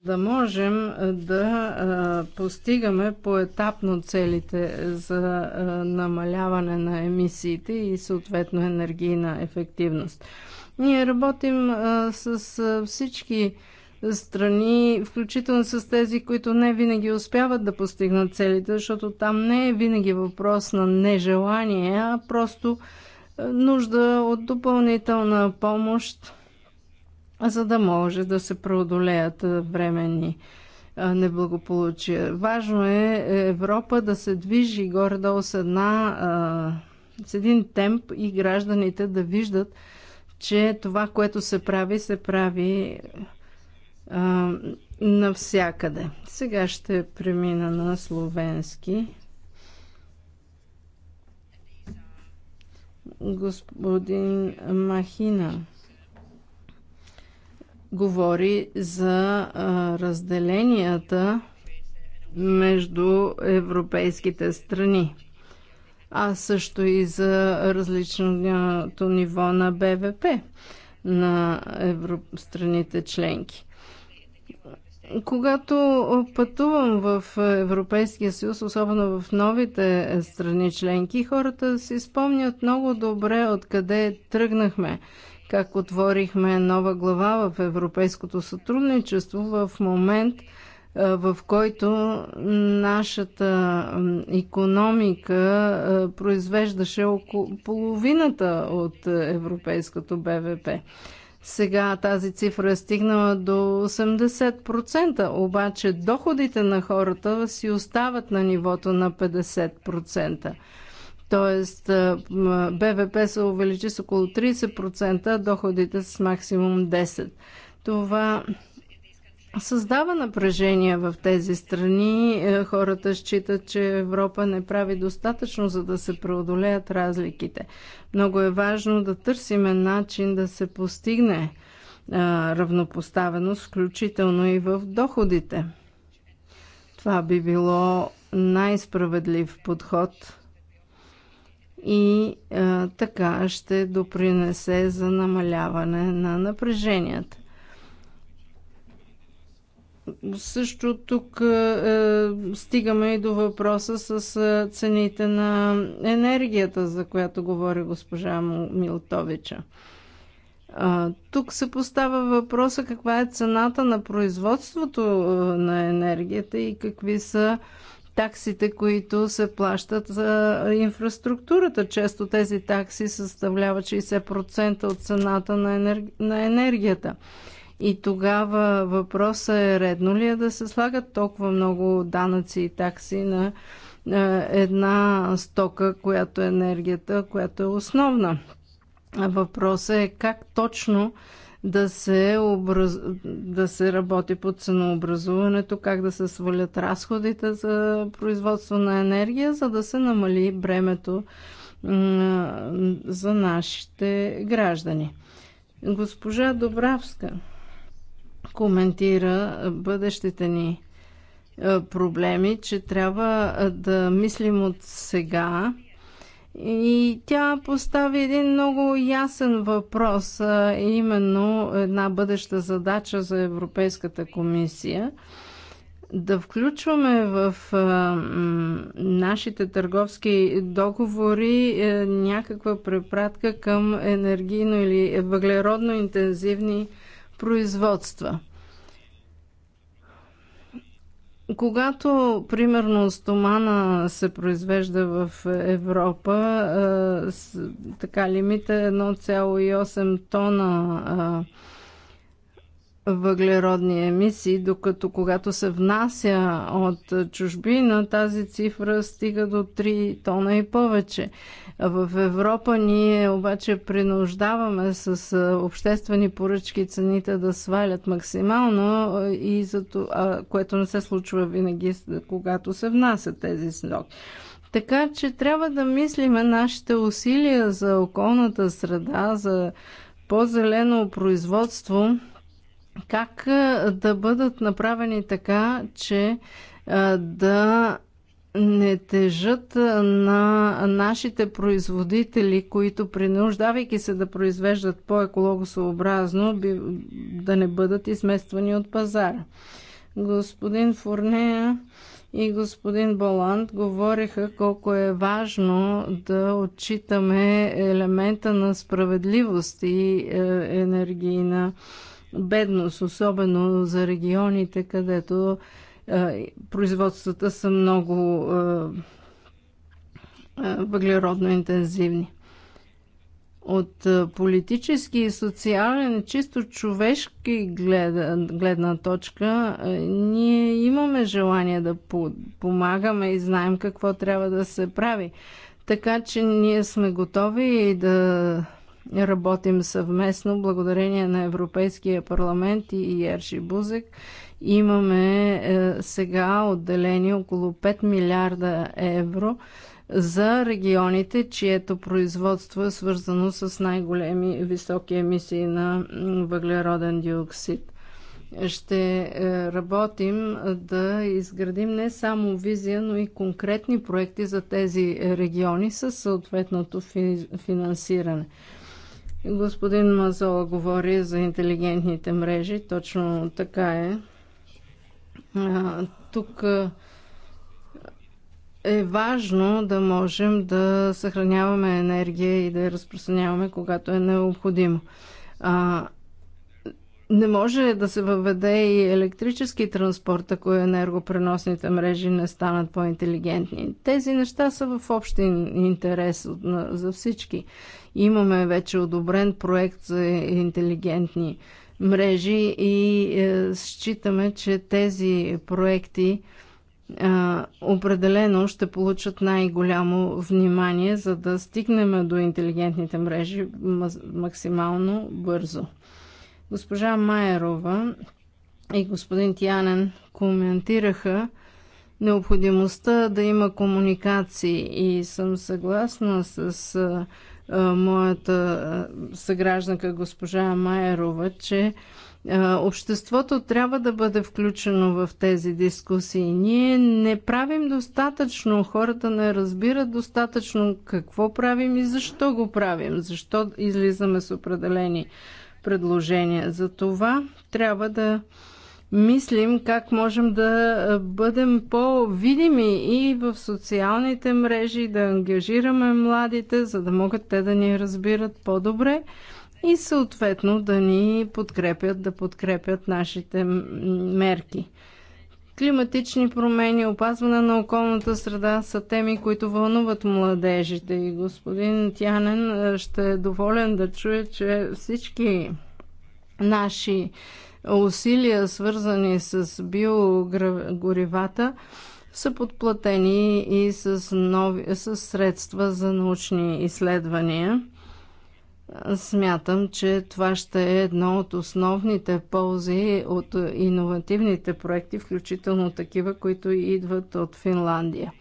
Да можем е, да е, постигаме поетапно целите за намаляване на емисиите и съответно енергийна ефективност. Ние работим с всички страни, включително с тези, които не винаги успяват да постигнат целите, защото там не е винаги въпрос на нежелание, а просто е, нужда от допълнителна помощ, за да може да се преодолеят е, временни е, неблагополучия. Важно е Европа да се движи горе-долу с, една, с един темп и гражданите да виждат, че това, което се прави, се прави а, навсякъде. Сега ще премина на словенски. Господин Махина говори за а, разделенията между европейските страни, а също и за различното ниво на БВП на евро... страните членки. Когато пътувам в Европейския съюз, особено в новите страни членки, хората си спомнят много добре откъде тръгнахме, как отворихме нова глава в европейското сътрудничество в момент, в който нашата економика произвеждаше около половината от европейското БВП. Сега тази цифра е стигнала до 80%, обаче доходите на хората си остават на нивото на 50%. Тоест БВП се увеличи с около 30%, доходите с максимум 10%. Това създава напрежение в тези страни. Е, хората считат, че Европа не прави достатъчно, за да се преодолеят разликите. Много е важно да търсиме начин да се постигне е, равнопоставеност, включително и в доходите. Това би било най-справедлив подход и а, е, така ще допринесе за намаляване на напреженията. Също тук е, е, стигаме и до въпроса с е, цените на енергията, за която говори госпожа Милтовича. А, тук се поставя въпроса каква е цената на производството е, на енергията и какви са таксите, които се плащат за инфраструктурата. Често тези такси съставляват 60% от цената на, енер... на енергията. И тогава въпросът е редно ли е да се слагат толкова много данъци и такси на една стока, която е енергията, която е основна. Въпросът е как точно да се, образ... да се работи по ценообразуването, как да се свалят разходите за производство на енергия, за да се намали бремето за нашите граждани. Госпожа Добравска коментира бъдещите ни е, проблеми, че трябва е, да мислим от сега. И тя постави един много ясен въпрос, е, именно една бъдеща задача за Европейската комисия да включваме в а, нашите търговски договори е, някаква препратка към енергийно или въглеродно интензивни производства. Когато, примерно, стомана се произвежда в Европа, е, така лимита 1,8 е тона е, въглеродни емисии, докато когато се внася от чужбина, тази цифра стига до 3 тона и повече. В Европа ние обаче принуждаваме с обществени поръчки цените да свалят максимално, и за това, което не се случва винаги, когато се внасят тези стоки. Така че трябва да мислиме нашите усилия за околната среда, за по-зелено производство – как е, да бъдат направени така, че е, да не тежат е, на нашите производители, които принуждавайки се да произвеждат по-екологосообразно, да не бъдат измествани от пазара. Господин Фурнея и господин Баланд говориха колко е важно да отчитаме елемента на справедливост и енергийна бедност, особено за регионите, където производствата са много е, въглеродно интензивни. От политически и социален, чисто човешки гледна точка, ние имаме желание да по помагаме и знаем какво трябва да се прави. Така че ние сме готови и да работим съвместно благодарение на Европейския парламент и Ерши Бузек. Имаме е, сега отделени около 5 милиарда евро за регионите, чието производство е свързано с най-големи високи емисии на въглероден диоксид. Ще е, работим да изградим не само визия, но и конкретни проекти за тези региони с съответното финансиране. Господин Мазола говори за интелигентните мрежи. Точно така е. А, тук е важно да можем да съхраняваме енергия и да я разпространяваме, когато е необходимо. А, не може да се въведе и електрически транспорт, ако енергопреносните мрежи не станат по-интелигентни. Тези неща са в общ интерес за всички. Имаме вече одобрен проект за интелигентни мрежи и е, считаме, че тези проекти е, определено ще получат най-голямо внимание, за да стигнем до интелигентните мрежи максимално бързо. Госпожа Майерова и господин Тянен коментираха необходимостта да има комуникации и съм съгласна с е, моята съгражданка госпожа Майерова, че обществото трябва да бъде включено в тези дискусии. Ние не правим достатъчно, хората не разбират достатъчно какво правим и защо го правим, защо излизаме с определени предложения. За това трябва да мислим как можем да бъдем по-видими и в социалните мрежи, да ангажираме младите, за да могат те да ни разбират по-добре и съответно да ни подкрепят, да подкрепят нашите мерки. Климатични промени, опазване на околната среда са теми, които вълнуват младежите. И господин Тянен ще е доволен да чуе, че всички наши усилия, свързани с биогоривата, са подплатени и с, нови, с средства за научни изследвания. Смятам, че това ще е едно от основните ползи от иновативните проекти, включително такива, които идват от Финландия.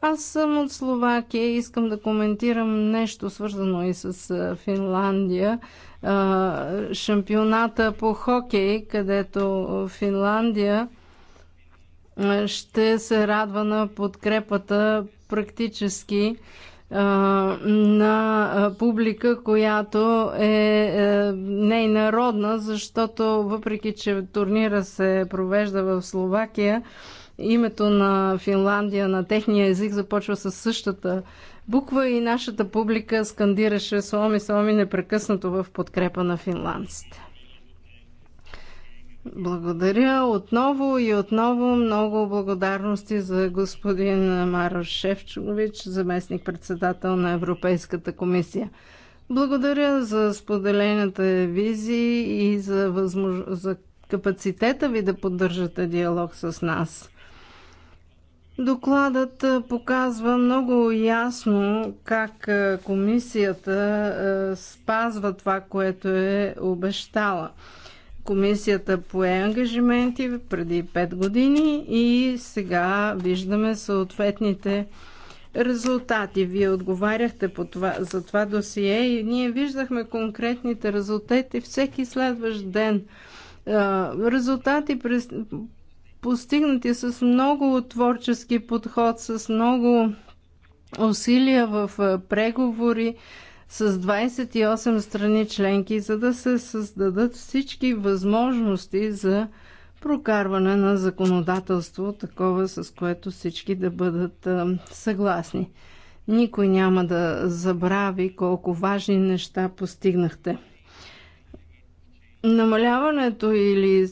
Аз съм от Словакия и искам да коментирам нещо свързано и с Финландия шампионата по хокей, където Финландия ще се радва на подкрепата практически на публика, която е, е нейнародна, защото въпреки, че турнира се провежда в Словакия, името на Финландия на техния език започва с същата буква и нашата публика скандираше Соми, сломи непрекъснато в подкрепа на финландците. Благодаря отново и отново много благодарности за господин Марош Шевчович, заместник председател на Европейската комисия. Благодаря за споделената визии и за, възмож... за капацитета ви да поддържате диалог с нас. Докладът показва много ясно как комисията спазва това, което е обещала. Комисията пое ангажименти преди 5 години и сега виждаме съответните резултати. Вие отговаряхте по това, за това досие и ние виждахме конкретните резултати всеки следващ ден. Резултати през постигнати с много творчески подход, с много усилия в е, преговори с 28 страни членки, за да се създадат всички възможности за прокарване на законодателство, такова с което всички да бъдат е, съгласни. Никой няма да забрави колко важни неща постигнахте. Намаляването или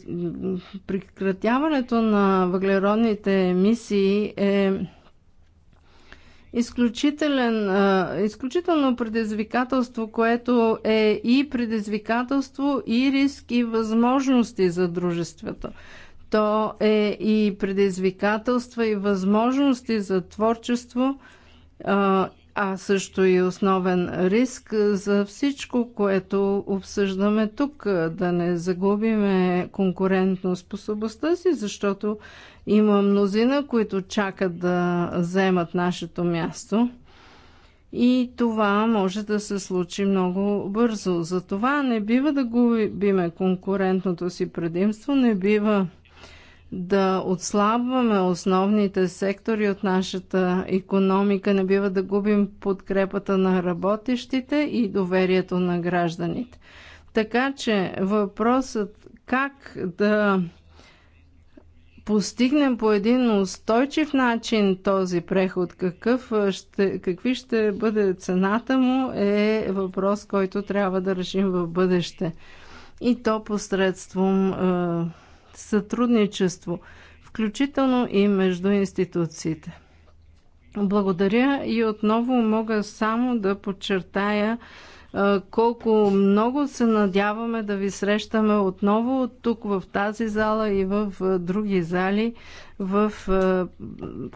прекратяването на въглеродните емисии е изключителен, изключително предизвикателство, което е и предизвикателство, и риск, и възможности за дружеството. То е и предизвикателства, и възможности за творчество, а също и основен риск за всичко, което обсъждаме тук. Да не загубиме конкурентно способността си, защото има мнозина, които чакат да вземат нашето място. И това може да се случи много бързо. Затова не бива да губиме конкурентното си предимство, не бива да отслабваме основните сектори от нашата економика, не бива да губим подкрепата на работещите и доверието на гражданите. Така че въпросът как да постигнем по един устойчив начин този преход, какъв ще, какви ще бъде цената му, е въпрос, който трябва да решим в бъдеще. И то посредством сътрудничество, включително и между институциите. Благодаря и отново мога само да подчертая колко много се надяваме да ви срещаме отново тук в тази зала и в други зали в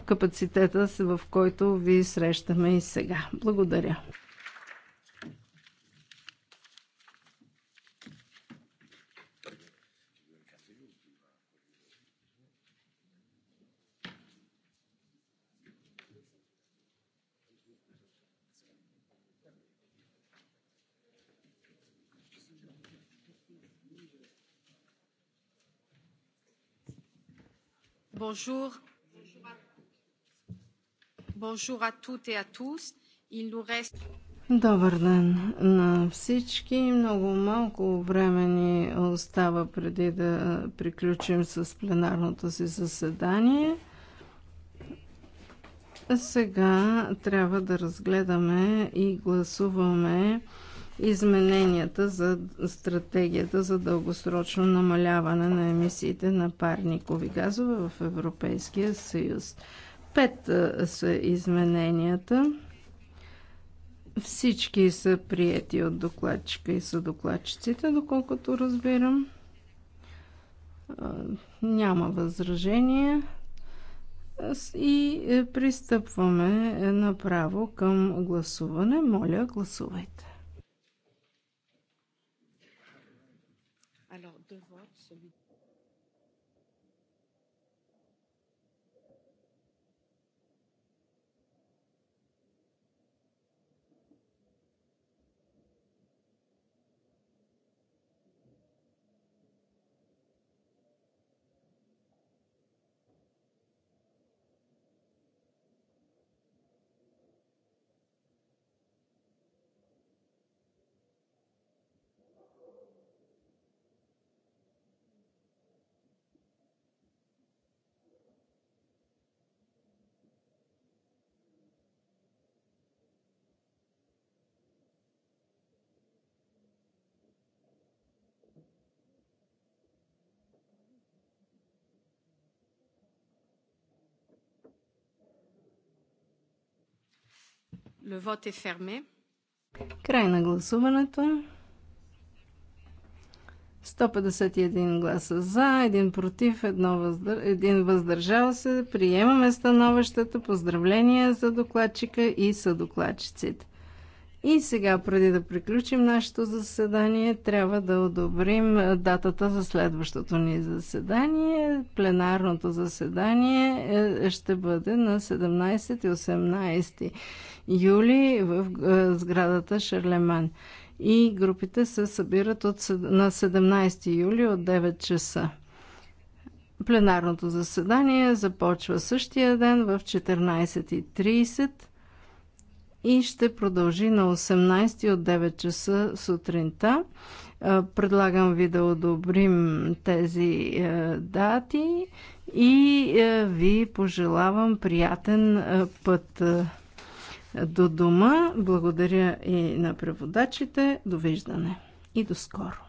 капацитета, в който ви срещаме и сега. Благодаря. Bonjour. Bonjour à toutes et à tous. Il nous reste... Добър ден на всички. Много малко време ни остава преди да приключим с пленарното си заседание. Сега трябва да разгледаме и гласуваме измененията за стратегията за дългосрочно намаляване на емисиите на парникови газове в Европейския съюз. Пет са измененията. Всички са приети от докладчика и са докладчиците, доколкото разбирам. Няма възражения. И е, пристъпваме е, направо към гласуване. Моля, гласувайте. Alors, devant. Le vote est fermé. Край на гласуването. 151 гласа за, 1 против, 1, въздър... 1 въздържал се. Приемаме становището. Поздравления за докладчика и съдокладчиците. И сега, преди да приключим нашето заседание, трябва да одобрим датата за следващото ни заседание. Пленарното заседание е, ще бъде на 17 и 18 юли в сградата Шарлеман. И групите се събират от, на 17 юли от 9 часа. Пленарното заседание започва същия ден в 14.30 и ще продължи на 18 от 9 часа сутринта. Предлагам ви да одобрим тези е, дати и е, ви пожелавам приятен е, път до дома. Благодаря и на преводачите. Довиждане и до скоро!